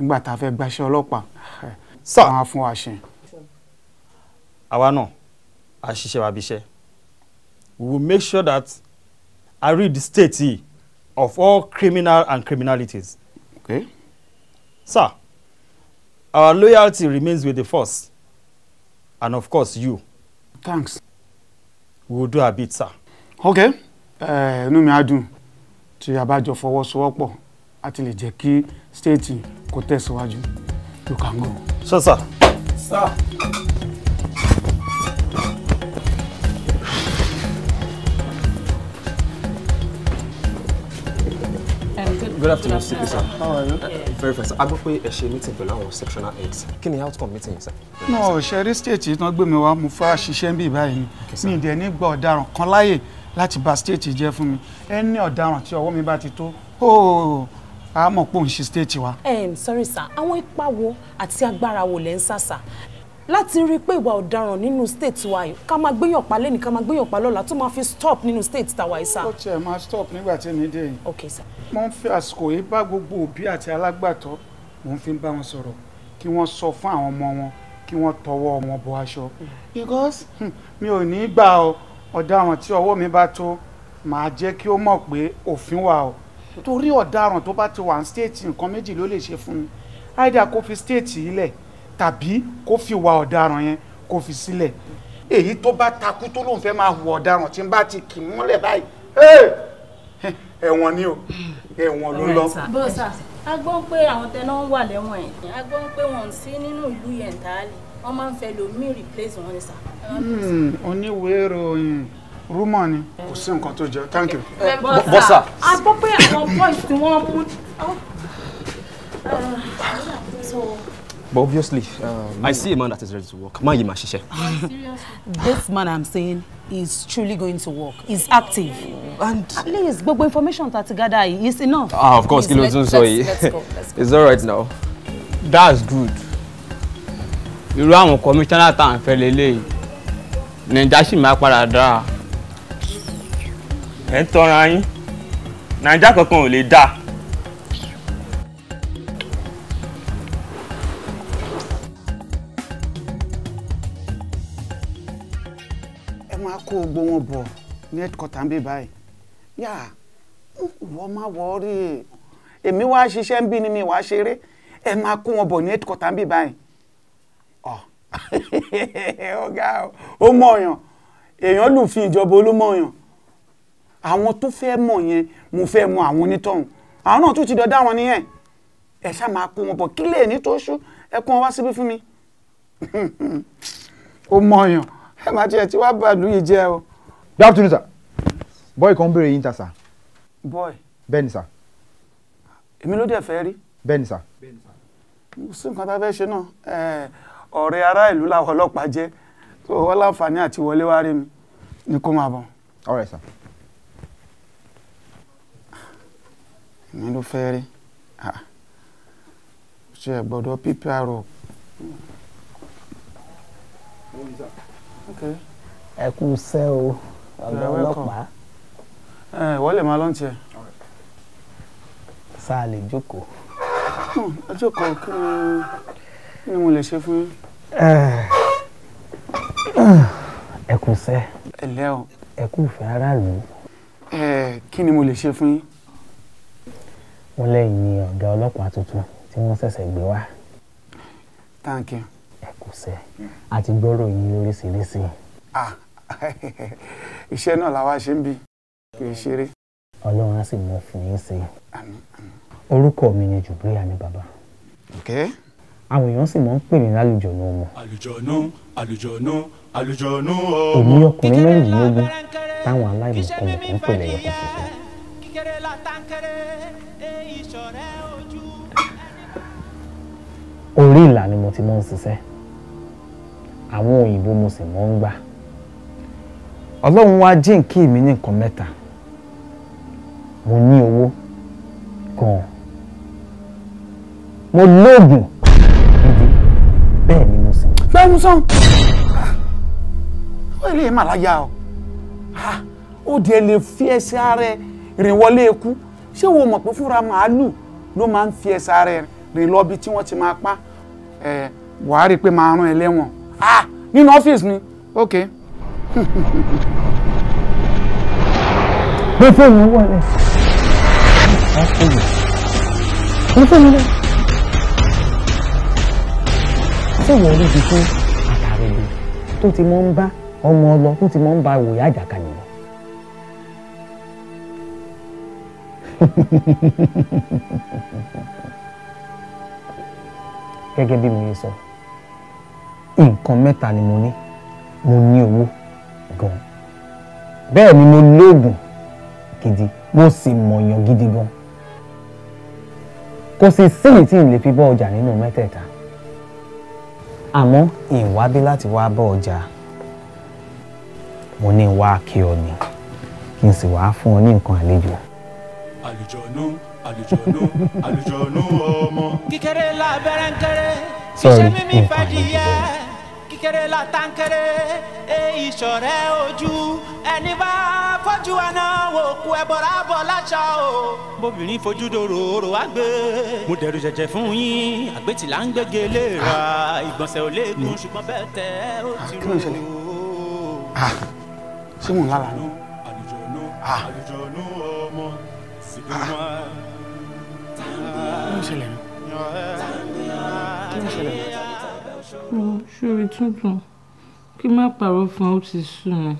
nígbà tá a fẹ́ gbaṣẹ́ ọlọ́pàá sà. wọn á fún àwa náà a ṣiṣẹ́ wa bí iṣẹ́ we will make sure that I read the state of all criminal and criminalities. Okay. Sir, our loyalty remains with the force and of course you. Thanks. We will do our bit, sir. Okay. Inú mi á dùn tí a bá jọ fọwọ́sowọ́pọ̀ àti lè jẹ́ kí stéètì kó tẹ̀síwájú. You sir. Sir. Um, good afternoon, Good afternoon. sir. How are you? Yeah. Very fine, sir. A gbọ́ pé ẹ ṣe meeting pẹ̀lú àwọn sectional heads. Kí ni outcome meeting, sir? No, ṣẹ́rí stéètì tán gbé mi wá mo fẹ́ ṣiṣẹ́ bíi báyìí ni. Mi ìdẹ̀ nígbà ọ̀daràn kan láàyè láti bà stéètì jẹ́ fún mi. Ẹni ọ̀daràn tí ọwọ́ mi bá ti tó, Oh a mọ̀ pé òun ṣe stéètì wa. sorry sir àwọn ipa wo àti agbára wo lẹ ń sàṣà láti rí i pé ìwà ọ̀daràn nínú state wa yìí ká máa gbéyàn pa lẹ́nu ká máa gbéyàn pa lọ́la tó máa fi stop nínú state tàwa yìí sá. ó tiẹ̀ máa stop nígbà tí mi dé yìí. ok sir. mo ń fi àsìkò yìí bá gbogbo òbí àti alágbàtọ́ mo ń fi bá wọn sọ̀rọ̀ kí wọ́n sọ fún àwọn ọmọ wọn kí wọ́n tọwọ́ wọn bọ aṣọ. because hmm, mi ò ní gbà ọ ọ̀daràn tí ọwọ́ mi bá tó màá jẹ́ kí ó mọ̀ pé òfin wà o torí ọ̀daràn tó bá ti wà ní stéètì nǹkan méjì ló lè ṣe fún mi áìdá kó fi stéètì yìí lẹ̀ tàbí kó fi wà ọ̀daràn yẹn kó fi sílẹ̀ èyí tó bá takú tó lóun fẹ́ máa hùwà ọ̀daràn tí n bá ti kì mọ́lẹ̀ báyìí ẹ̀wọ̀n ni o ẹ̀wọ̀n ló lọ. bọ́sà a gbọ́ pé àwọn tẹ náà wà lẹ́wọ̀n yẹn a gbọ́ pé wọ́n ń sí nínú ìlú yẹn tààlì wọ́n máa ń fẹ́ lòmíì replace wọn ni sà. Hmm, oníwèé ìròyìn rúmọ̀ ni kò sí nǹkan tó jẹ thank you. bọ́sà a gbọ́ pé àwọn boys tí wọ́n mú. Uh, But obviously, um, I see a man that is ready to work. Man, you must share. This man I'm saying is truly going to work. He's active. And at least, gbogbo information that gather is enough. Ah, of course, Kilo Zun sorry. Let's It's all right now. That's good. Irú àwọn commissioner tá à ń fẹ́ lélẹ́yìí. Nàìjíríà sì máa padà dáa. ẹ̀ ń naija yín nàìjà kankan ò lè ẹ máa kó wọn ní báyìí yá wọ́n máa wọ́ rí i èmi wá ṣeré ẹ máa kó wọn ní báyìí ìjọba àwọn tó fẹ́ mọ̀ yẹn mo fẹ́ mọ àwọn onítọ̀hún àwọn náà tún ti dọ̀dá wọn nìyẹn ẹ ṣáà máa kó wọn bọ̀ kí lè ní tó ṣú ẹ kó wọn wá síbí fún mi. ó mọyàn ẹ máa tiẹ̀ tí wàá bá ìlú yìí jẹ́ o. good afternoon sir boy kan béèrè yín ta sir. boy. bẹ́ẹ̀ ni sir. èmi ló dẹ̀ fẹ́ rí. bẹ́ẹ̀ ni sir. mo sì nǹkan tá a fẹ́ ṣe náà ọ̀rẹ́ ará ìlú làwọn ọlọ́pàá jẹ́ tó wọ́n láǹfààní àti wọlé wá rí mi ni kó máa bọ̀. all right ìyẹn ló fẹ́ rí ah, ṣe ẹ̀ gbọ́dọ̀ ppr o. ẹ kú sẹ́ o ọ̀gá ọlọ́pàá. ẹ eh, wọ́n lè máa lọ́ntì ẹ. sáà lè jókòó. Hmm, ẹ jókòó kí ni mo lè ṣe fún yín. ẹ kú sẹ́. ẹ lẹ́ o. ẹ kú fẹ́ aráàlú. ẹ eh, kí ni mo lè ṣe fún yín wọ́n lẹ́yìn ni ọ̀gá ọlọ́pàá tuntun tí wọ́n ṣẹ̀ṣẹ̀ gbé wá. thank you. ẹ kò sẹ́ a ti gbọ́rọ̀ yín lóríṣiríṣi. iṣẹ́ náà làwa ṣe ń bí kì í ṣeré. ọlọ́run á sì mọ fún yín sí i. orúkọ mi ni jùbíríà ni bàbá. àwọn èèyàn sì máa ń pè mí lálùjọ̀nù ọmọ. àlùjọ̀nù àlùjọ̀nù àlùjọ̀nù ọmọ. èmi ọkùnrin mẹ́rìndínlógún táwọn aláìmọ̀kọ́mọ̀kọ́ ń pè lẹ́yìn kan ṣoṣo kéré látàkéré ìṣọ̀rẹ́ ojú. orí ìlà ni mo ti mọ̀ ń ṣiṣẹ́ àwọn òyìnbó mo sì mọ̀ ń gbà ọlọ́run wá jíǹkí mi ní nǹkan mẹ́ta mo ní owó gan-an mo lóògùn gidi bẹ́ẹ̀ ni mo sì. lẹ́nu sàn wọ́n ilé màláyà o ó di ẹ lè fi ẹsẹ̀ ara rìn wọlé eku ṣé wo mọ̀ pé fúnra màálù ló máa ń fi ẹsẹ̀ rẹ̀ rìn lọ bí tí wọ́n ti máa pa ẹ̀ wàá pé máa rán ẹ lẹ́wọ̀n ah nínú ọ́fíìsì mi ok. mo fẹ́ mi wọlé. mo fẹ́ mi wọlé. ṣé ìwọ orí ti tó àtàrẹ̀lẹ̀ tó ti mọ́ ń bá ọmọ ọlọ tó ti mọ́ ń bá wòyá àjàkálẹ̀. gẹ́gẹ́ bí mi sọ nǹkan mẹ́ta ni mo ní mo ní owó gan-an bẹ́ẹ̀ ni mo lóògùn gidi mo sì mọ̀yàn gidi gan-an kò sì síyì tí n lè fi bọ́ ọjà nínú mẹ́tẹ̀ẹ̀ta àmọ́ ìwábí láti wá bọ́ ọjà mo ní wá kí ọ ni kí n sì wá fún ọ ní nǹkan àlejò àlùjọ̀nú àlùjọ̀nú àlùjọ̀nú ọmọ. kíkéré la bẹ̀rẹ̀ ń kéré iṣẹ́ mímí oh, fàdíyẹ kíkéré la tá ń kéré ìṣọ̀rẹ́ ojú ẹni bá fojú ẹná wò kú bọ̀rọ̀ àbọ̀ láṣà o. bóbìnrin fojú dòrò òrò wá gbé. mo dẹ̀rù jẹ̀jẹ̀ fún yín àgbẹ̀tìlá ń gbẹ́gẹ́ lè ra ìgbọ̀nsẹ̀ ò léegun mm. ṣùgbọ́n bẹ́ẹ̀ tẹ́ ó ah, ti rò ó. Ah, ṣé mò ń lára ni? àlùjọ̀nú àlùjọ̀nú ọ̀ kí ló ṣẹlẹ̀ náà kí ló ṣẹlẹ̀ náà. mo ṣòro tuntun kí n má pààrọ̀ fún ọ ó ti sú mi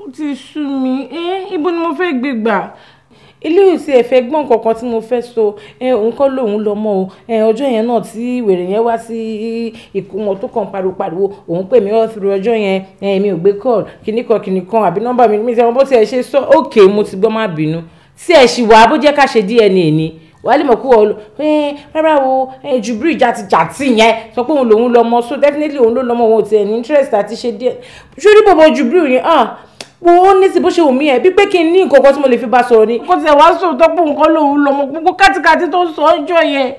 ó ti sú mi ibo ni mo fẹ́ gbé gbà ilé òsì ẹ̀fẹ́ gbọ́n kankan tí mo fẹ́ sọ òun kọ́ lòun lọ mọ́ o ọjọ́ yẹn náà tí wèrè yẹn wá sí ìkómọ tó kàn pariwo pariwo òun pè mí all through ọjọ́ yẹn èmi ò gbé call kìnnìkan kìnnìkan àbí nọ́mbà mi mi sẹ́wọ́n bó tiẹ̀ ṣe sọ okay mo ti gbọ́ má bínú tí ẹ ṣì wà bó jẹ́ ká ṣe DNA ni wàá lè mọ̀ kú ọ rárá o Jubril jàtijàti yẹn sọ pé òun lòun lọmọ so definitely òun ló lọmọ òun ò tiẹ̀ ní interest àti ṣe díẹ̀ sórí bòbò Jubril yẹn hàn ah, wo ó ní sí bó ṣe wù mí ẹ bí pé kí n ní nǹkan kan tí mo lè fi bá sọ̀rọ̀ ni. kò tiẹ̀ wá sòótọ́ pé nǹkan lòun lọmọ gbogbo kátikáti tó ń sọ ọjọ́ yẹn.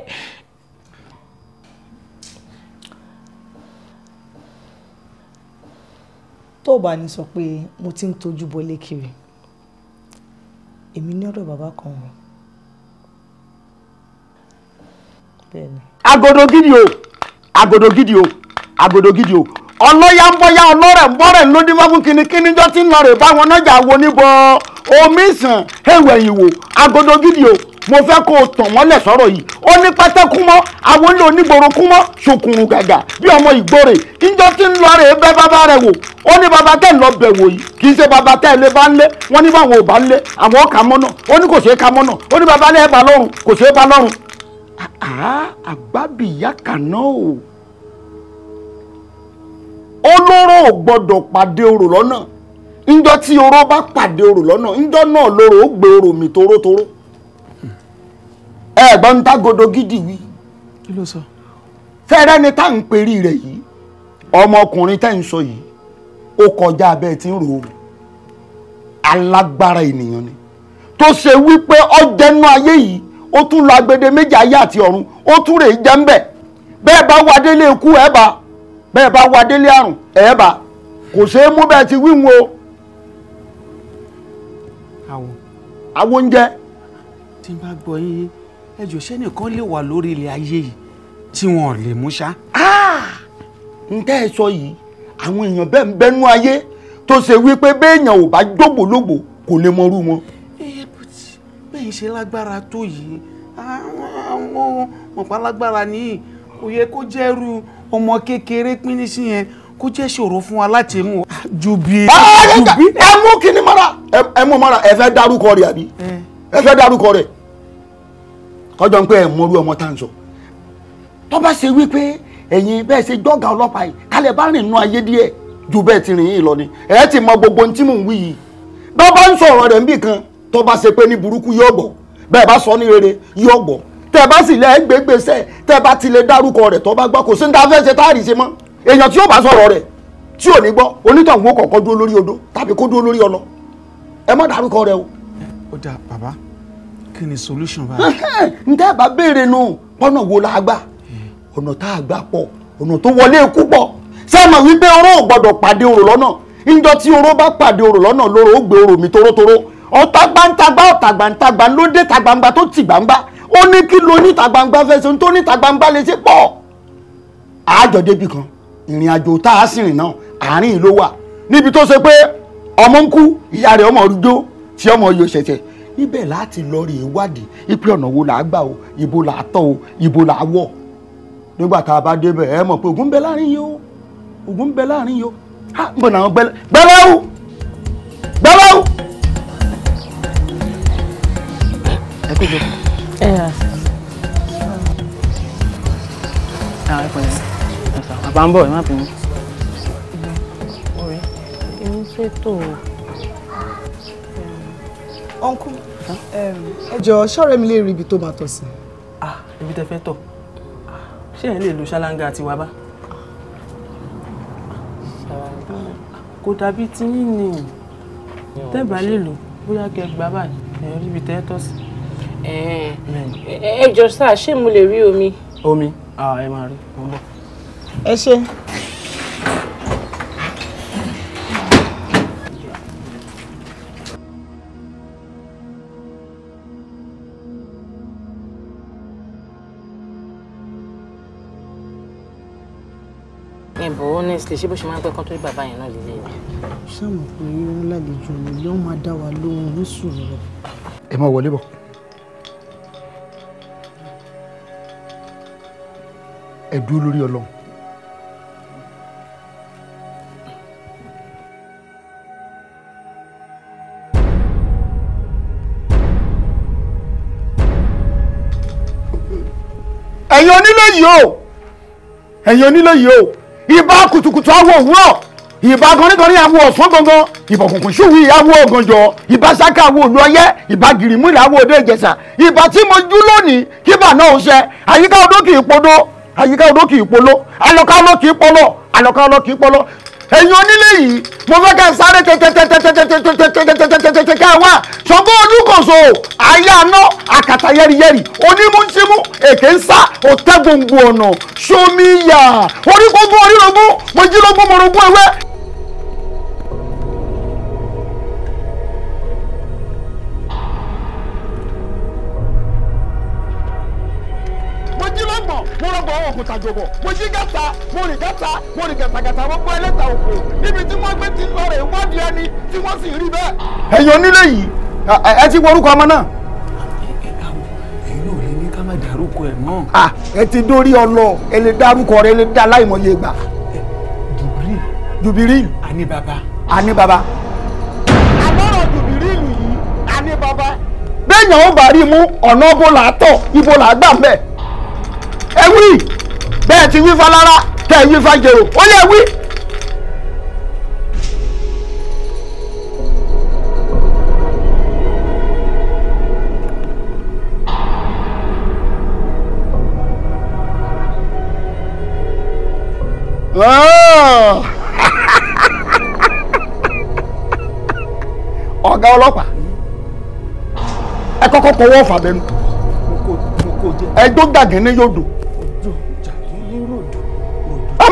tó o bá ní sọ pé mo ti ń tojú bọlé kiri èmi ní ọ̀dọ̀ bàbá kan o. agodo gidi o agodo gidi o agodo gidi o ọlọ́yà ń bọ́yá ọlọ́rẹ̀ ń bọ́rẹ̀ lódì mọ́kún kìnnìkìnnì jọ́ tí ń lọ rè báwọn nájà wo níbọ̀ omi sàn ẹ̀wẹ̀ ìwò agodo gidi o mo fẹ́ kó o tàn wọ́n lẹ̀ sọ̀rọ̀ yìí ó ní pátákú mọ́ àwọn ilé onígboro kú mọ́ ṣòkùnrùn gàgà bí ọmọ ìgbórè níjọ́ tí ń lọ rè é bẹ́ bàbá rẹ̀ wò ó ní bàbá tẹ̀ ń lọ bẹ̀ wò yìí kì í ṣe bàbá tẹ̀ lé bá ń lé wọ́n ní báwọn ò bá ń lé àwọn ọ̀kà mọ́nà ó ní kò ṣeé ka mọ́nà ó ní bàbá lẹ́ẹ̀ bá lọ́rùn kò ṣeé bá lọ́rùn. àgbábìyá kàná o olóró ò gbọdọ̀ pàdé orò lọ́nà níjọ́ tí oró bá pàdé orò lọ́nà níjọ́ náà lóró ó gbé orò mi torótoró ẹ̀gbọ́n tágodo gidi wí. kí ló sọ. fẹ́rẹ́ ni tá à ń perí rẹ̀ yìí ọmọkùnrin tẹ́ ń sọ yìí ó kọjá abẹ́ tí ń rò ó alágbára ènìyàn ni tó ṣe wípé ọjẹ́nú ayé yìí ó tún lọ agbede méjì ayé àti ọ̀run ó tún rè jẹ́ ńbẹ̀ bẹ́ẹ̀ bá wá délé ikú ẹ̀ bá bẹ́ẹ̀ bá wá délé àrùn ẹ̀ bá kò ṣeé mú bẹ́ẹ̀ ti wíwùn o. àwo. tí n bá gbọ́ yín ẹ jọ̀ọ́ ṣé nìkan lè wà lórí ilẹ̀ ayé yìí tí wọn ò lè mú ṣá. ǹtẹ́ ah! ẹ sọ yìí àwọn èèyàn bẹ́ẹ̀ ń bẹ́nu ayé tó ṣe wípé béèyàn ò bá jógbòlógbò kò lè mọrú wọn. bẹ́ẹ̀ ṣe lágbára tó yìí àwọn mọ̀pá nìyí kò yẹ kó jẹ́rú ọmọ kékeré pínísí yẹn kó jẹ́ ṣòro fún wa láti mú. ju bí. ẹ mú kíní mara ẹ mú mara ẹ fẹ́ dárúkọ rẹ̀ àbí ẹ fẹ́ dárúkọ rẹ̀ kọjọ ń pẹ́ ẹ̀ mọ́rú ọmọ tá à ń sọ tó bá ṣe wípé ẹ̀yin bẹ́ẹ̀ ṣe gbọ́gà ọlọ́pàá yìí kálẹ̀ bá rìn nú ayé díẹ̀ ju bẹ́ẹ̀ ti rìn yìí lọ ni ẹ̀ ti mọ gbogbo ohun tí mò ń wí yìí bá bá ń sọ̀rọ̀ rẹ̀ níbì kan tó bá ṣe pé ní burúkú yóò gbọ́ bẹ́ẹ̀ bá sọ ní rere yóò gbọ́ tẹ́ bá sì lẹ́ gbégbèsẹ̀ tẹ́ bá ti lè dárúkọ rẹ̀ tó bá gbọ́ kò sí ní ta fẹ́ ṣe táàrí ṣe mọ́ bá sọ̀rọ̀ rẹ̀ tí ò ní gbọ́ onítọ̀hún ó kọ̀ọ̀kan dúró lórí odó tàbí kó dúró lórí o. ó dáa kí ni solution bá. n tẹ́ bá béèrè nu ọ̀nà wo la gbà hmm. ọ̀nà tá a gbà pọ̀ ọ̀nà tó wọlé ikú pọ̀ ṣé ẹ mọ̀ wípé oró ò gbọ́dọ̀ pàdé orò lọ́nà ńjọ́ tí oró bá pàdé orò lọ́nà lóró ó gbé orò mi torótoró ọ̀tá gbáǹtagbá ọ̀tá gbàǹtagbà ló dé ta gbangba tó tì gbangba ó ní kí lo níta gbangba fẹsẹ̀ tó níta gbangba lè ṣe pọ̀ àjọ débì kan ìrìn àjò tá a sì rìn náà àárín ìlú wà níbi tó ṣe pé ọmọ ń kú ìyá rẹ̀ ọmọ rúdó tí ọmọ yóò ṣẹ̀ṣẹ̀ níbẹ̀ láti lọ rí ìwádìí ipe ọ̀nà wo là á gbà o ibo là á tọ̀ o ibo là á wọ̀ nígbà tá a bá débẹ̀ ẹ mọ̀ pé ògùn bẹ láàrin yìí o ògùn bẹ láàrin yìí o ha mọ̀ náà gbẹ́lẹ́ o gbẹ́lẹ́ o. ẹ kò jọ. ẹ ẹ ẹ pẹ̀lẹ́ bàbá ń bọ̀ ẹ má bínú. ọ̀rẹ́ èmi ń ṣètò ọ̀nkú um, ẹ jọ̀ọ́ ṣọ́ọ̀rẹ́ mi lè rí ibi tó máa tọ̀ sí. Ah, ibi tẹ fẹ́ tọ̀ ṣé ẹ lè lo ṣáláńgá àti wàbá. kò dàbí tí yín ni tẹ́ẹ̀bà lè lò bóyá kẹ gbà báyìí ẹ rí ibi tẹ́ tọ̀ sí. ẹ jọ̀ọ́ ṣé mo lè rí omi. omi ah, ẹ máa rí mo ń bọ̀. ẹ ṣe. tiẹ̀ ṣé bó ṣe máa ń pẹ́ kán tó rí bàbá yẹn náà lélẹ̀ ni. ṣáàmù pé irun lálejò mi ló máa dá wa lóhun ní sùúrù. ẹ máa wọlé bọ̀. ẹ dúró lórí Ọlọ́run. ẹ̀yin onílé yìí o ẹ̀yin onílé yìí o ìbà kùtùkùtù awo òwúrọ̀ ìbà gọ̀nrígọ̀nrí awo ọ̀sán gangan ìbà òkùnkùn ṣùwì awo ògànjọ́ ìbà saka awo òlu ọyẹ ìbà gìrìmúlẹ̀ awo òde ìjẹsà ìbà tí mo jú lónìí kíbà náà ó ṣe àyíká odó kì í podó àyíká odó kì í polo alọ́kálọ́ kì í polo alọ́kálọ́ kì í polo ẹ̀yin onílé yìí mo fẹ́ ká sáré tẹ́tẹ́tẹ́tẹ́tẹ́tẹ́tẹ́tẹ́tẹ́tẹ́tẹ́ ká wá Ṣàngó Olúkòso àyànà àkàtà yẹ́rìyẹ́rì onímúṣímú èké ń sá òtẹ́ gbòǹgbò ọ̀nà ṣomi yà orí kógún orí rogún mo jí rogún mo rogún ewé. òkúta jọ̀bọ̀ mo ṣí gàtà mo rìn gàtà mo rìn gàtàgàtà wọ́n gbọ́ ẹlẹ́ta òkú níbi tí wọ́n gbé ti lọ rẹ̀ wádìí ẹni tí wọ́n sì rí bẹ́ẹ̀. ẹ̀yin onílé yìí ẹ ti worúkọ ọmọ náà. dárúkọ ẹ mọ́. ẹ ti dórí ọlọ ẹ lè dárúkọ rẹ ẹ lè dá láìmọye ìgbà. Jubril. Jubril. àní baba. àní baba. àlọ́rọ̀ Jubril yìí àní baba. bẹ́ẹ̀ yàn ó bá rí mú ọ̀nà bó làá tọ̀ ibo làá gbà mẹ́. ẹ wí bẹ́ẹ̀ ti wí falára tẹ̀ wí fàjèrò ó lè wí. Oh! ọ̀gá ọlọ́pàá ẹ kọ́kọ́ kọwọ́ fàbẹ́nu ẹ dó gàgé ní yòdò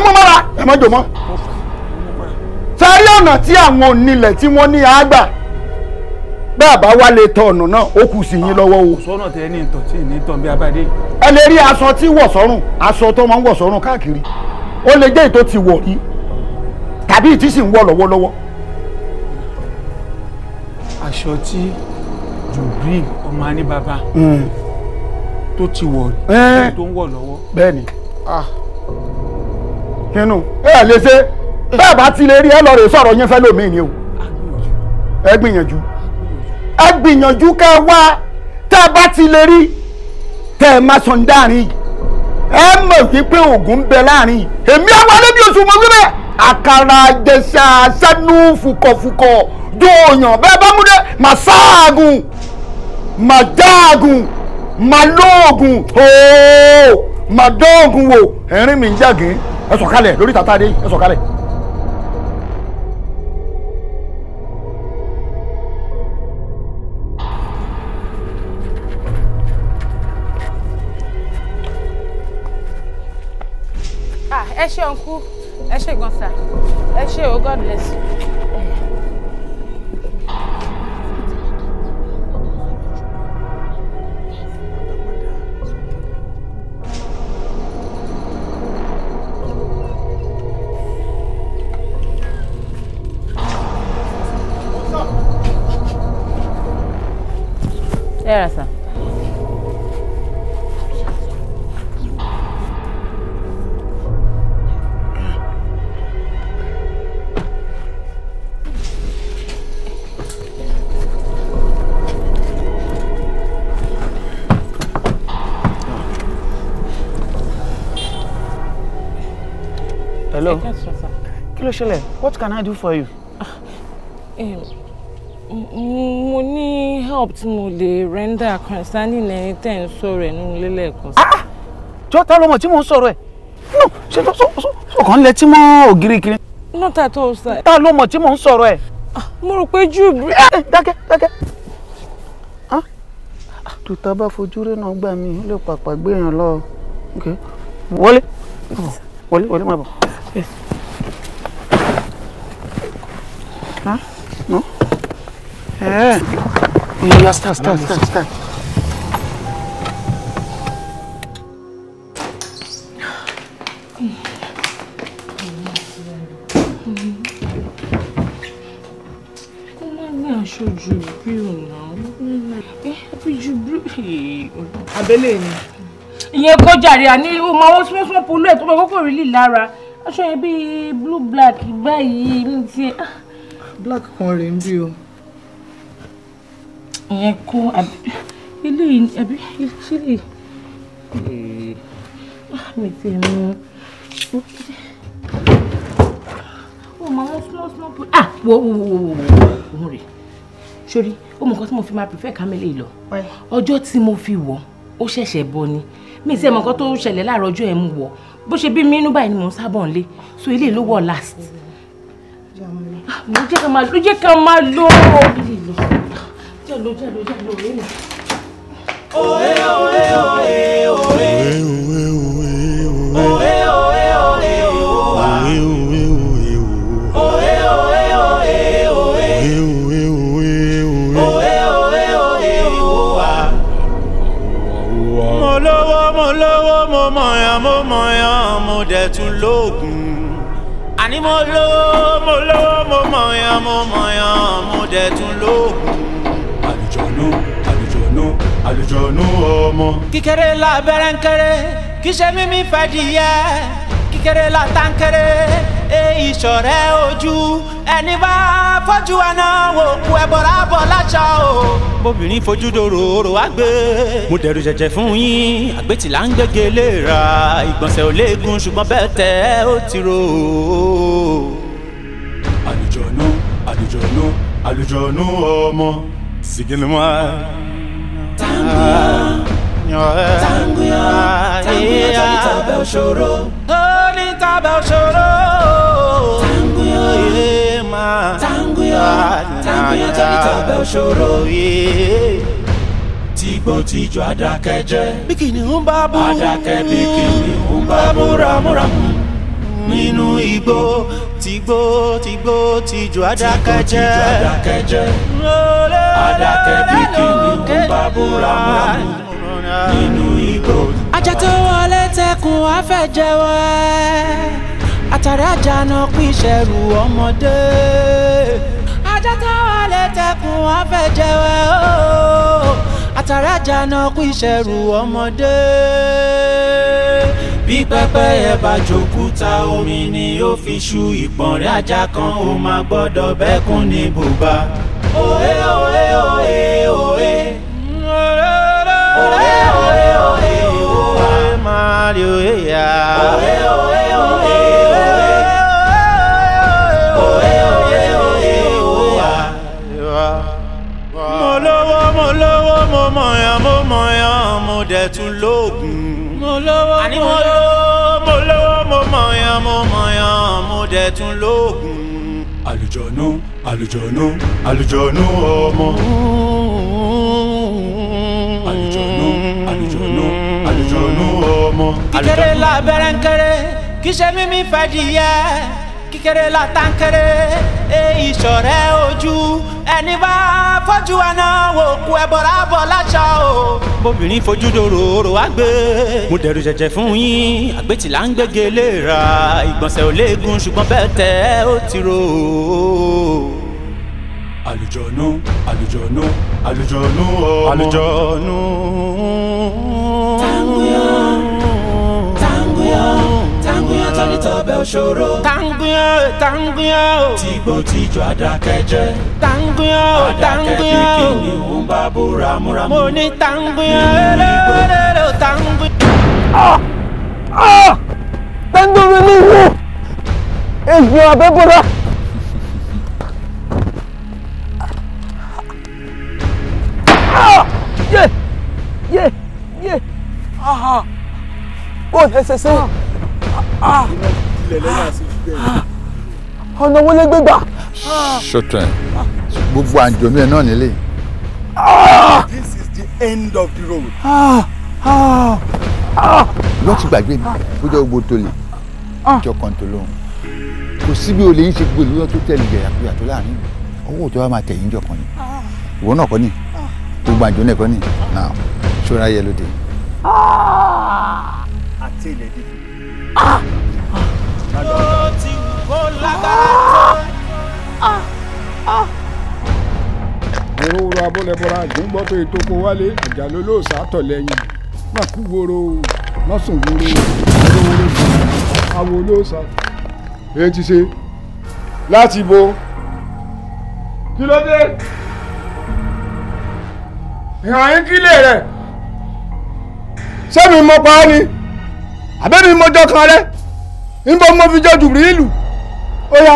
mú mọ́ra ẹ má jò mọ́ sáré ọ̀nà tí àwọn onílẹ̀ tí wọ́n ní àgbà bá a bá wálé tọ ọ̀nà náà ó kù sí yín lọ́wọ́ o. sọ́nà tẹ ní ìtàn tí ní ìtàn bí abáde. ẹ lè rí aṣọ tí wọ̀ sọ́rùn aṣọ tó máa ń wọ̀ sọ́rùn káàkiri ó lè jẹ́ ètò ti wọ̀ rí tàbí ìtí sì ń wọ̀ lọ́wọ́lọ́wọ́. aṣọ tí jubril ọmọ anibaba hmm. tó ti wọ̀ rí eh. tó ń wọ̀ lọ́wọ́. bẹ́ẹ̀ni. ah kinu e le se ba ba ti le ri e lo re soro yen fe lomi ni o e gbianju e gbianju ke wa ta ba ti le ri te ma so ndarin e mo pe ogun be laarin emi a wa le osu mo gbe akara je sa sanu oyan. fuko do yan be ba mu de ma sagun ma dagun ma logun o wo erin mi jagin ẹ sọ̀kalẹ̀ lórí tata adé yìí ẹ sọ̀kalẹ̀. Ah, ẹ ṣé ọ̀nkú ẹ ṣé gan ẹ ṣé o God bless you. ṣẹlẹ̀ what can I do for you. Ah, eh, mo ní help tí mo lè render concerning ẹni tẹ́ ń sọ̀rọ̀ ẹ̀ nínú ilé lẹ́ẹ̀kan. Ah, ah! jọ ta lọmọ tí mò ń so ẹ̀ no ṣe sọkàn lẹ tí mọ ògiri kiri. not at all sir. ta lọmọ tí mò ń sọ̀rọ̀ Ah, mo rò pé jù. Eh, eh, dákẹ́ dákẹ́ tuta bá fojú rénà gbà mí ó lè lo. Okay, lọ wọlé wọlé wọlé má bọ̀. Huh? No? Eh. Yeah, start, start, start, start. abẹ́lẹ̀ ni. ìyẹn kọjá rẹ̀ àní ọmọ àwọn small small polo ẹ̀ tó bá kọ́kọ́ rí lì lára aṣọ yẹn bíi blue black báyìí ní tiẹ̀ ah black kan rèé ń bí o. ìyẹn kó àbí ilé àbí ṣílè mi ti mú ó mọ àwọn small small put ah wo wo wo wo òun rè sórí ó mọ nǹkan tí mo fi máa prefer camel lọ ọjọ́ tí mo fi wọ̀ ó ṣẹ̀ṣẹ̀ bọ́ ni mi sì ẹ̀ mọ nǹkan tó ṣẹlẹ̀ láàárọ̀ ọjọ́ ẹ̀ mú wọ̀ bó ṣe bí mi báyìí ni mò ń sábọ̀ ń so ilé ló wọ̀ last. Mm -hmm jẹ́ àwọn ilé. mo jẹ́ ká máa lọ jẹ́ ká máa lọ. jẹ́ lọ jẹ́ lọ jẹ́ lọ. òwe òwe òwe òwe. mo lówó mo lówó mo mọ̀yàn mo mọ̀yàn mo dẹ̀ tún lóògùn. àlùjọ̀nù àlùjọ̀nù àlùjọ̀nù ọmọ. kíkéré la bẹ̀rẹ̀ ń kéré kí ṣe mímí fẹ́ di yẹ kíkéré la tá ń kéré ìṣọ̀rẹ́ ojú ẹni bá fojú àná wò kú ẹ bọ̀rá bọ̀ láṣà o. bóbìnrin fojú dòrò òrò wá gbé. mo dẹ̀rù jẹ̀jẹ̀ fún yín àgbètì là ń gbẹ́gẹ́ lè ra ìgbọ̀nsẹ̀ ò léegun ṣùgbọ́n bẹ́ẹ̀ tẹ́ ó ti rò ó. àlùjọ̀nù àlùjọ̀nù àlùjọ̀nù ọmọ sìgìlìmọ́. tanguya tanguya tanguya jàǹtà bẹ́ẹ̀ ṣòro bá ṣòro. Tanguyo ye ma. Tanguyo tanguyo tẹni tó bá ṣòro ye. Tígbó tíjọ adákẹ́jẹ́. Bíkìnì ń bá bú. Adákẹ́ bíkìnì ń bá bú ramúramù. Nínú igbó tìgbó tìgbó tìjọ adákẹ́jẹ́. Tìgbó tìjọ adákẹ́jẹ́. Adákẹ́ bíkìnì ń bá bú ramúramù. Nínú ajá tó wọlé tẹkùn àfẹjẹwọ ẹ àtàrí ajá náà pín ìṣẹ̀rù ọmọdé ajá tó wọlé tẹkùn àfẹjẹwọ ẹ o àtàrí ajá náà pín ìṣẹ̀rù ọmọdé. bí pẹ́pẹ́yẹ bá jòkúta omi ni ó fi ṣu ìpọ̀nrẹ́ ajá kan ó máa gbọ́dọ̀ bẹ́kún ní bùbá. òwe òwe. àlùjọ̀nú àlùjọ̀nú ọmọ. àlùjọ̀nú àlùjọ̀nú àlùjọ̀nú ọmọ. kíkéré la bẹ̀rẹ̀ ń kéré kíṣe mímí fàdíyẹ kíkéré la tá ń kéré èyí sọ̀rẹ́ ojú ẹni bá fojú àná wò kú ẹ bọ̀rọ̀ àbọ̀ láṣà o. bóbìnrin fojú dòrò òrò wá gbé. mo dẹ̀rù jẹ̀jẹ̀ fún yín àgbètì là ń gbége lè ra ìgbọ̀nsẹ̀ ò léegun ṣùgbọ́n bẹ́ẹ̀ tẹ́ ó ti rò ó àlùjọ̀nú àlùjọ̀nú àlùjọ̀nú ọmọ. àlùjọ̀nú. tanguyan tanguyan tanguyan tani tọbẹ òṣòro. tanguyan tanguyan. tìgbò tìjọ àdàkẹjẹ. tanguyan tanguyan. àdàkẹ́ bí kìnìún bá bó ramúramú. mo ní tanguyan lọ́lọ́lọ́ tanguyan. ah, ah! ni wo egun abẹ́bọ̀dá. ẹsẹ̀ ah. ah. ah. ọ̀nà wo lè gbégbà. ṣòtún ẹ gbogbo àjòmí ẹ náà nílé. this is the end of the road. wọ́n ti gbàgbé mi kó jẹ́ gbogbo tó lè jọ kan tó lóhùn kò síbi olè yín ṣe gbogbo ìlú náà tó tẹ̀lé ìjẹ̀yà kó yàtọ̀ láàrin owó tó wà máa tẹ̀yìn jọ kan ni ìwọ náà kọ́ ni gbogbo àjò náà kọ́ ni ṣọ́ra yẹ lóde tí ilẹ̀ dìbò. ó ti wù kó lágbára tó. òróró abọ́lẹ́bọ́ra àjùmọ́tò ètò kó wálé àjàló lóòsà tọ̀lẹ́yìn má kú woro má sùn woro àwòrán àwò lóòsà. èyí ti ṣe láti bo kí ló dé ìhàn yín kílè rẹ̀ sẹ́mi mọ́ pa á ni àbẹ́mi mọ́jọ́ kan rẹ níbo mo fi jọ jùbìrìlù ó yá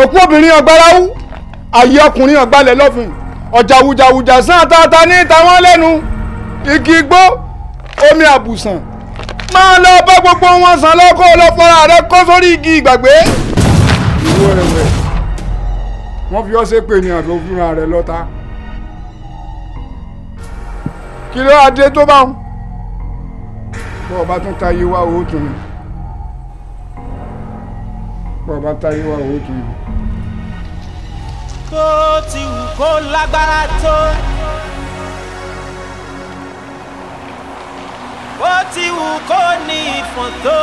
òkú obìnrin ọ̀gbáráwú àyè ọkùnrin ọ̀gbálẹ̀ lọ́fìn ọ̀jàwùjàwùjà sàn tata ní tàwọn lẹ́nu igi igbó omi àbùsàn máa lọ bá gbogbo wọn sàn lọ́kọ́ lọ fọ́ra rẹ kó sórí igi ìgbàgbé. ìwọ rẹ̀wẹ̀ wọ́n fi ọ́ ṣépè ní àbí òfin rẹ̀ lọ́ta kí ló adé tó bá wọn bọ́ ọba tún táyé wá owó tún ni bọ́ ọba táyé wá owó tún ni. tó ti wù kó lágbára tó. bó ti wù kó ní ìfọ̀n tó.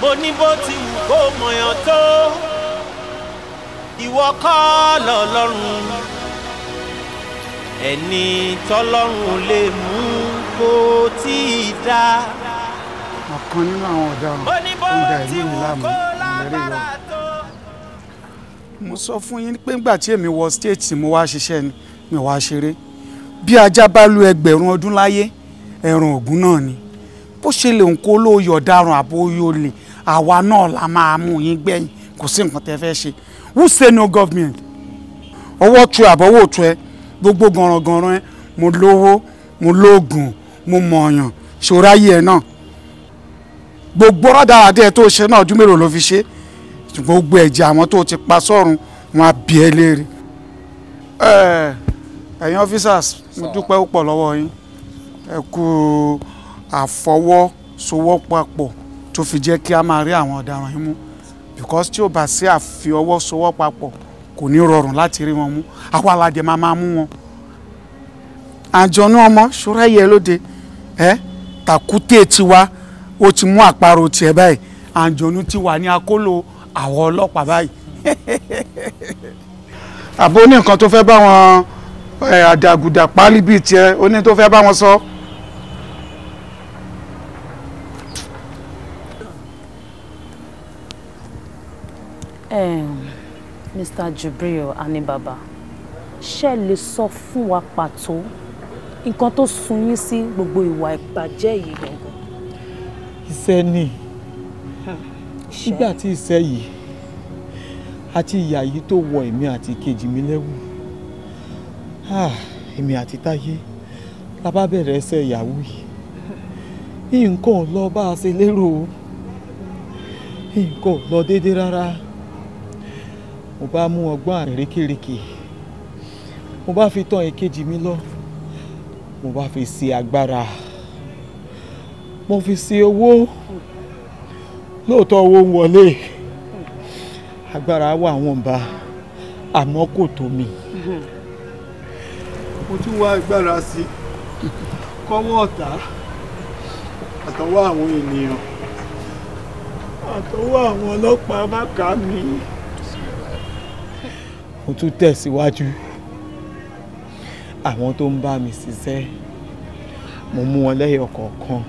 mo ní bó ti wù kó mọ̀yàn tó. ìwọ kọ́ lọ́lọ́run ẹni tọ́lọ́run lè mú kó tí ì dá. ọ̀kan nínú àwọn ọ̀daràn tó ń da ìlú mi ìlérí lọ. mo sọ fún yín pé ńgbà tí èmi wọ state mo wá ṣiṣẹ́ ni mi wá ṣeré bí ajá bá lu ẹgbẹ̀rún ọdún láyé ẹ̀rùn ògún náà ni bó ṣe lè ń kó lóòyè ọ̀daràn àbó yọlẹ̀ àwa náà la máa mú yín gbẹ̀yìn kò sí nǹkan tẹ́ fẹ́ ṣe who say no government ọwọ́ tu àbọ̀wọ́ tu ẹ gbogbo gànràngànràn ẹ mo lówó mo lóògùn mo mọ̀ọ̀yàn ṣòro ayé ẹ náà gbogbo rọ́dàrà díẹ̀ tó ṣe náà ọdún mélòó ló fi ṣe ṣùgbọ́n gbogbo ẹ̀jẹ̀ àwọn tó ti pa sọ́run wọn á bí ẹ léèrè. ẹ̀yin officers mo dúpẹ́ púpọ̀ lọ́wọ́ yín ẹ kú àfọwọ́sowọ́papọ̀ tó fi jẹ́ kí a máa rí àwọn ọ̀daràn yín mú because tí ó bá sí àfiọwọ́sowọ́papọ̀ kò ní rọrùn láti rí wọn mú àwa aládé máa máa mú wọn. àjọ̀nú ọmọ ṣọ́ra yẹ lóde ẹ tàkúté tiwa ó ti mú àparò tiẹ̀ báyìí àjọ̀nú ti wà ní akóló àwọn ọlọ́pàá báyìí. àbó ní nǹkan tó fẹ́ bá wọn àdàgùdà pálí bíi tiẹ̀ ó ní tó fẹ́ bá wọn sọ. Um. Mr. Jubril Anibaba ṣé ẹ lè sọ fún wa pàtó nǹkan tó sun yín sí gbogbo ìwà ìbàjẹ́ yìí gangan. iṣẹ́ ni nígbà tí iṣẹ́ yìí àti ìyà yìí tó wọ èmi àti kejì mi lẹ́wù èmi àti táyé la bá bẹ̀rẹ̀ ẹsẹ̀ ìyàwó yìí nǹkan ò lọ bá a ṣe lérò nǹkan ò lọ déédéé rárá mo bá mú ọgbọ́n àrékérekè mo bá fi tán èkejì mi lọ mo bá fi ṣe agbára mo fi ṣe owó lóòótọ́ owó ń wọlé agbára wà wọ́n bá àmọ́ kò tó mi. mo tún wá agbára sí i kọ́wọ́ ọ̀tá àtọwọ́ àwọn ènìyàn àtọwọ́ àwọn ọlọ́pàá má kà mí mo tún tẹ̀síwájú àwọn tó ń bá mi ṣiṣẹ́ mo mú wọn lẹ́yọ kọ̀ọ̀kan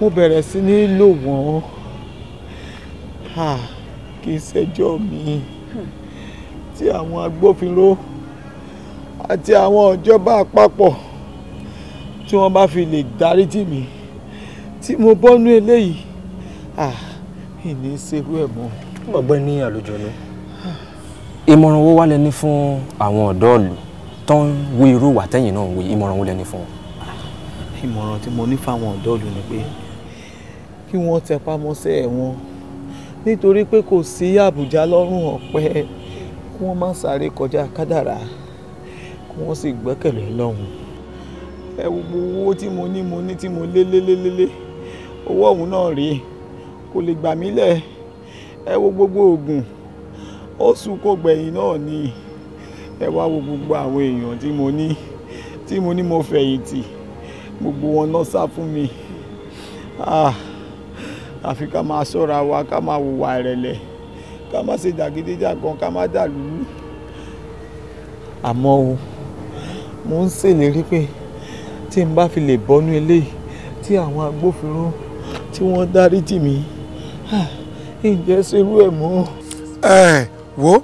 mo bẹ̀rẹ̀ sí ní lò wọ́n ah, kì í ṣẹjọ́ mi tí àwọn agbófinró àti àwọn ìjọba àpapọ̀ tí wọ́n bá fi lè darí tì mí tí mo bọ́nú eléyìí ah, ìní ṣerú ẹ̀ mọ́. bàbá ẹ ní àlùjọ náà ìmọ̀ràn wo wá lẹ ní fún àwọn ọ̀dọ́ ìlú tó ń wí irú wà tẹ́yìn náà wí ìmọ̀ràn wo lẹ ní fún wọn. ìmọ̀ràn tí mo ní fáwọn ọ̀dọ́ ìlú ni pé kí wọ́n tẹpá mọ́ṣẹ́ wọn nítorí pé kò sí àbùjá lọ́rùn ọ̀pẹ kí wọ́n má sáré kọjá kádàrá kí wọ́n sì gbẹ́kẹ̀lé lọ́hùn ẹ wo owó tí mo ní mo ní tí mo lé lé lé lé lé owó ọ̀hún náà rèé kò lè gbà mí lẹ̀ ẹ wo gbogbo oògùn ọ̀sùn kò gbẹ̀yìn náà ni ẹ wá wo gbogbo àwọn èèyàn tí mo ní tí mo ní mo fẹ̀yìntì gbogbo wọn náà sá fún mi ah, àfi ká máa ṣọ́ra wa ká máa hùwà ìrẹ̀lẹ̀ ká má ṣe jàgídíjàgan ká má dàlúrú. àmọ́ o mo ń ṣèlérí pé tí n bá fi lè bọ́nú eléyìí tí àwọn agbófinró tí wọ́n dáríjì mí ah, ǹjẹ́ ṣerú ẹ̀ mọ́ wo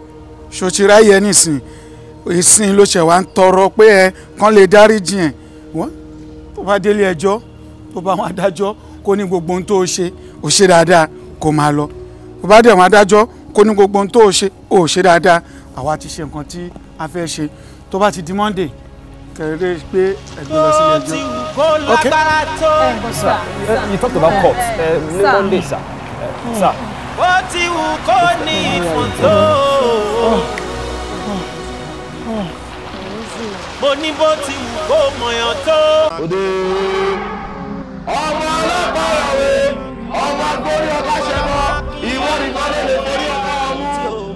ṣòtì ráyè nísìn ìsìn ló ṣẹ̀ wá ń tọrọ pé ẹ kàn lè dáríjì ẹ̀ wọ́n tó bá délé ẹjọ́ tó wọn adájọ́ kó ní gbogbo ohun tó ṣe ò ṣe dáadáa kó máa lọ tó bá dẹ̀ wọn adájọ́ kó ní gbogbo ohun tó ṣe ò ṣe dáadáa àwa ti ṣe nǹkan tí a fẹ́ ṣe tó bá ti di Monday kẹrẹ pé ẹgbẹ́ lọ sílé ẹjọ́ ok ẹ ẹ eh, eh, you talked about eh, court ẹ ní Monday sir sir bó ti wù kó ní ìfún mo ní bó ti wù kó mọ̀yàn tó. òde ọmọ ọlọ́pàá ìrọ̀wé ọmọ agbórí ọba ṣẹbọ ìwọ nìkan lè borí ọba ọmú.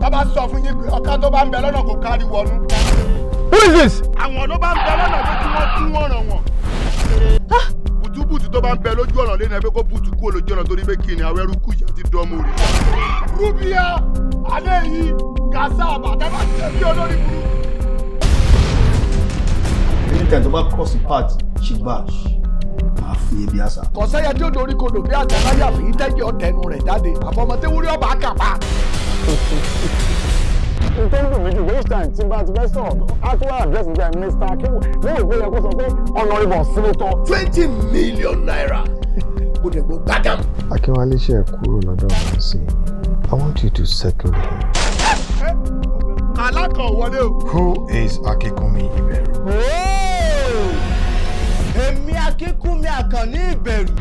tó sọ fún yín pé ọ̀tá tó bá ń bẹ lọ́nà kò kárí wọnú. who is this. àwọn ló bá ń bẹ lọ́nà tó tí wọ́n tún wọ́n ràn wọ́n. Ah! tú bùtù tó bá ń bẹ lójú ọ̀nà lẹ́nu ẹgbẹ́ kó bùtù kúrò lójú ọ̀nà torí pé kí ni àwẹ̀rù kú ìyá ti dánmò rẹ̀. rúbíà alẹ́ yìí gàṣà àbàtàbà jẹ́ bí olórí burú. anytime tó bá cross the path she gbash máa fún ebi àṣà. kọ̀sẹ́yẹ tí ó dorí kodò bí àjàláyà fi ń tẹ́jọ́ tẹnu rẹ̀ jáde àfọmọ́tẹ́wúrí ọba kàpá tó ń dùn mí tí bá ti fẹ́ sọ̀rọ̀ actual address ní prime minister akéwò lóò gbé kó sọ pé ọ̀nà ìbọ̀ sílùtọ̀. twenty million naira kò dẹ̀ gbọ́ gbádàm. akínwálé ṣe kúrò lọ́dọ̀ ọ̀hún sí i want you to settle him. alákọ̀wọlé o. who is akínkúnmi ìbẹ̀rù. èmi akínkúnmi àkànní ìbẹ̀rù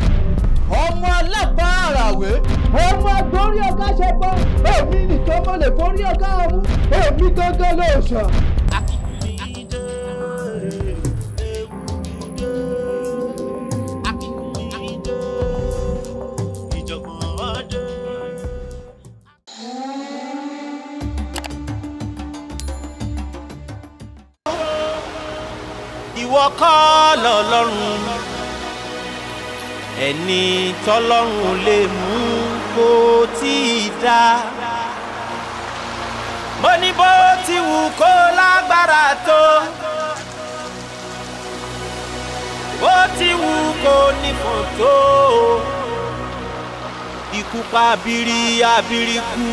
ọmọ alápá àràwé ọmọ agbórí ọ̀gá ṣe èmi nìkan mo lè forí ọ̀gá ọmú èmi gángan ló sàn. ìwọ kọ́ lọ́lọ́run ẹni tọ́lọ́run lè mú kó tí ì dá. mo ní bó ti wù kó lágbára tó. bó ti wù kó nífọ̀n tó. ikú pa abiri abiri kú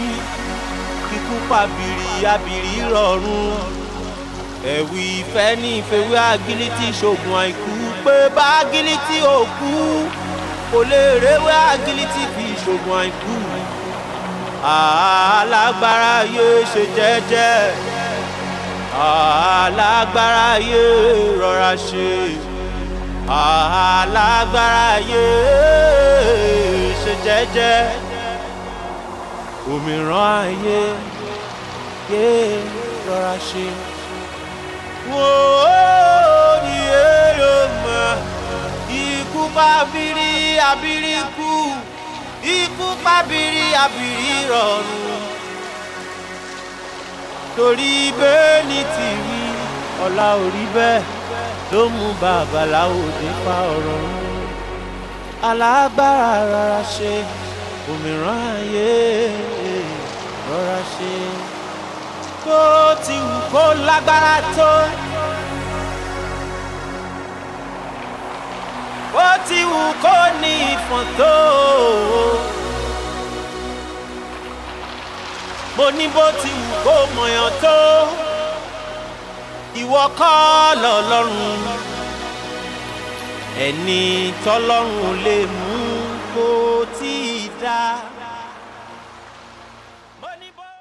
ikú pa abiri abiri rọrùn ẹ̀wì ìfẹ́ ní ìfẹ́wé agilítì ṣoògùn àìkú pé bá agilítì ò kú kò lè rewé àgìlì tí fi ìṣògùn àìkú alágbára yóò ṣe jẹ́jẹ́ alágbára yóò rọra ṣe alágbára yóò ṣe jẹ́jẹ́ òmíràn ayé yóò rọra ṣe wò ó ní èrò mọ́ ikú pa biri abiri kú ikú pa biri abiri rọrùn torí bẹ́ẹ̀ ni ti rí ọ̀la ò rí bẹ́ẹ̀ ló mú babaláwo dé pa ọ̀rọ̀ rún alágbára rárá ṣe òmíràn ayé rọra ṣe tó ti wù kó lágbára tó. bó ti wù kó ní ìfọ̀n tó. mo ní bó ti wù kó mọ̀yàn tó ìwọ kọ́ lọ́lọ́run ẹni tọ́lọ́run lè mú bó ti dá.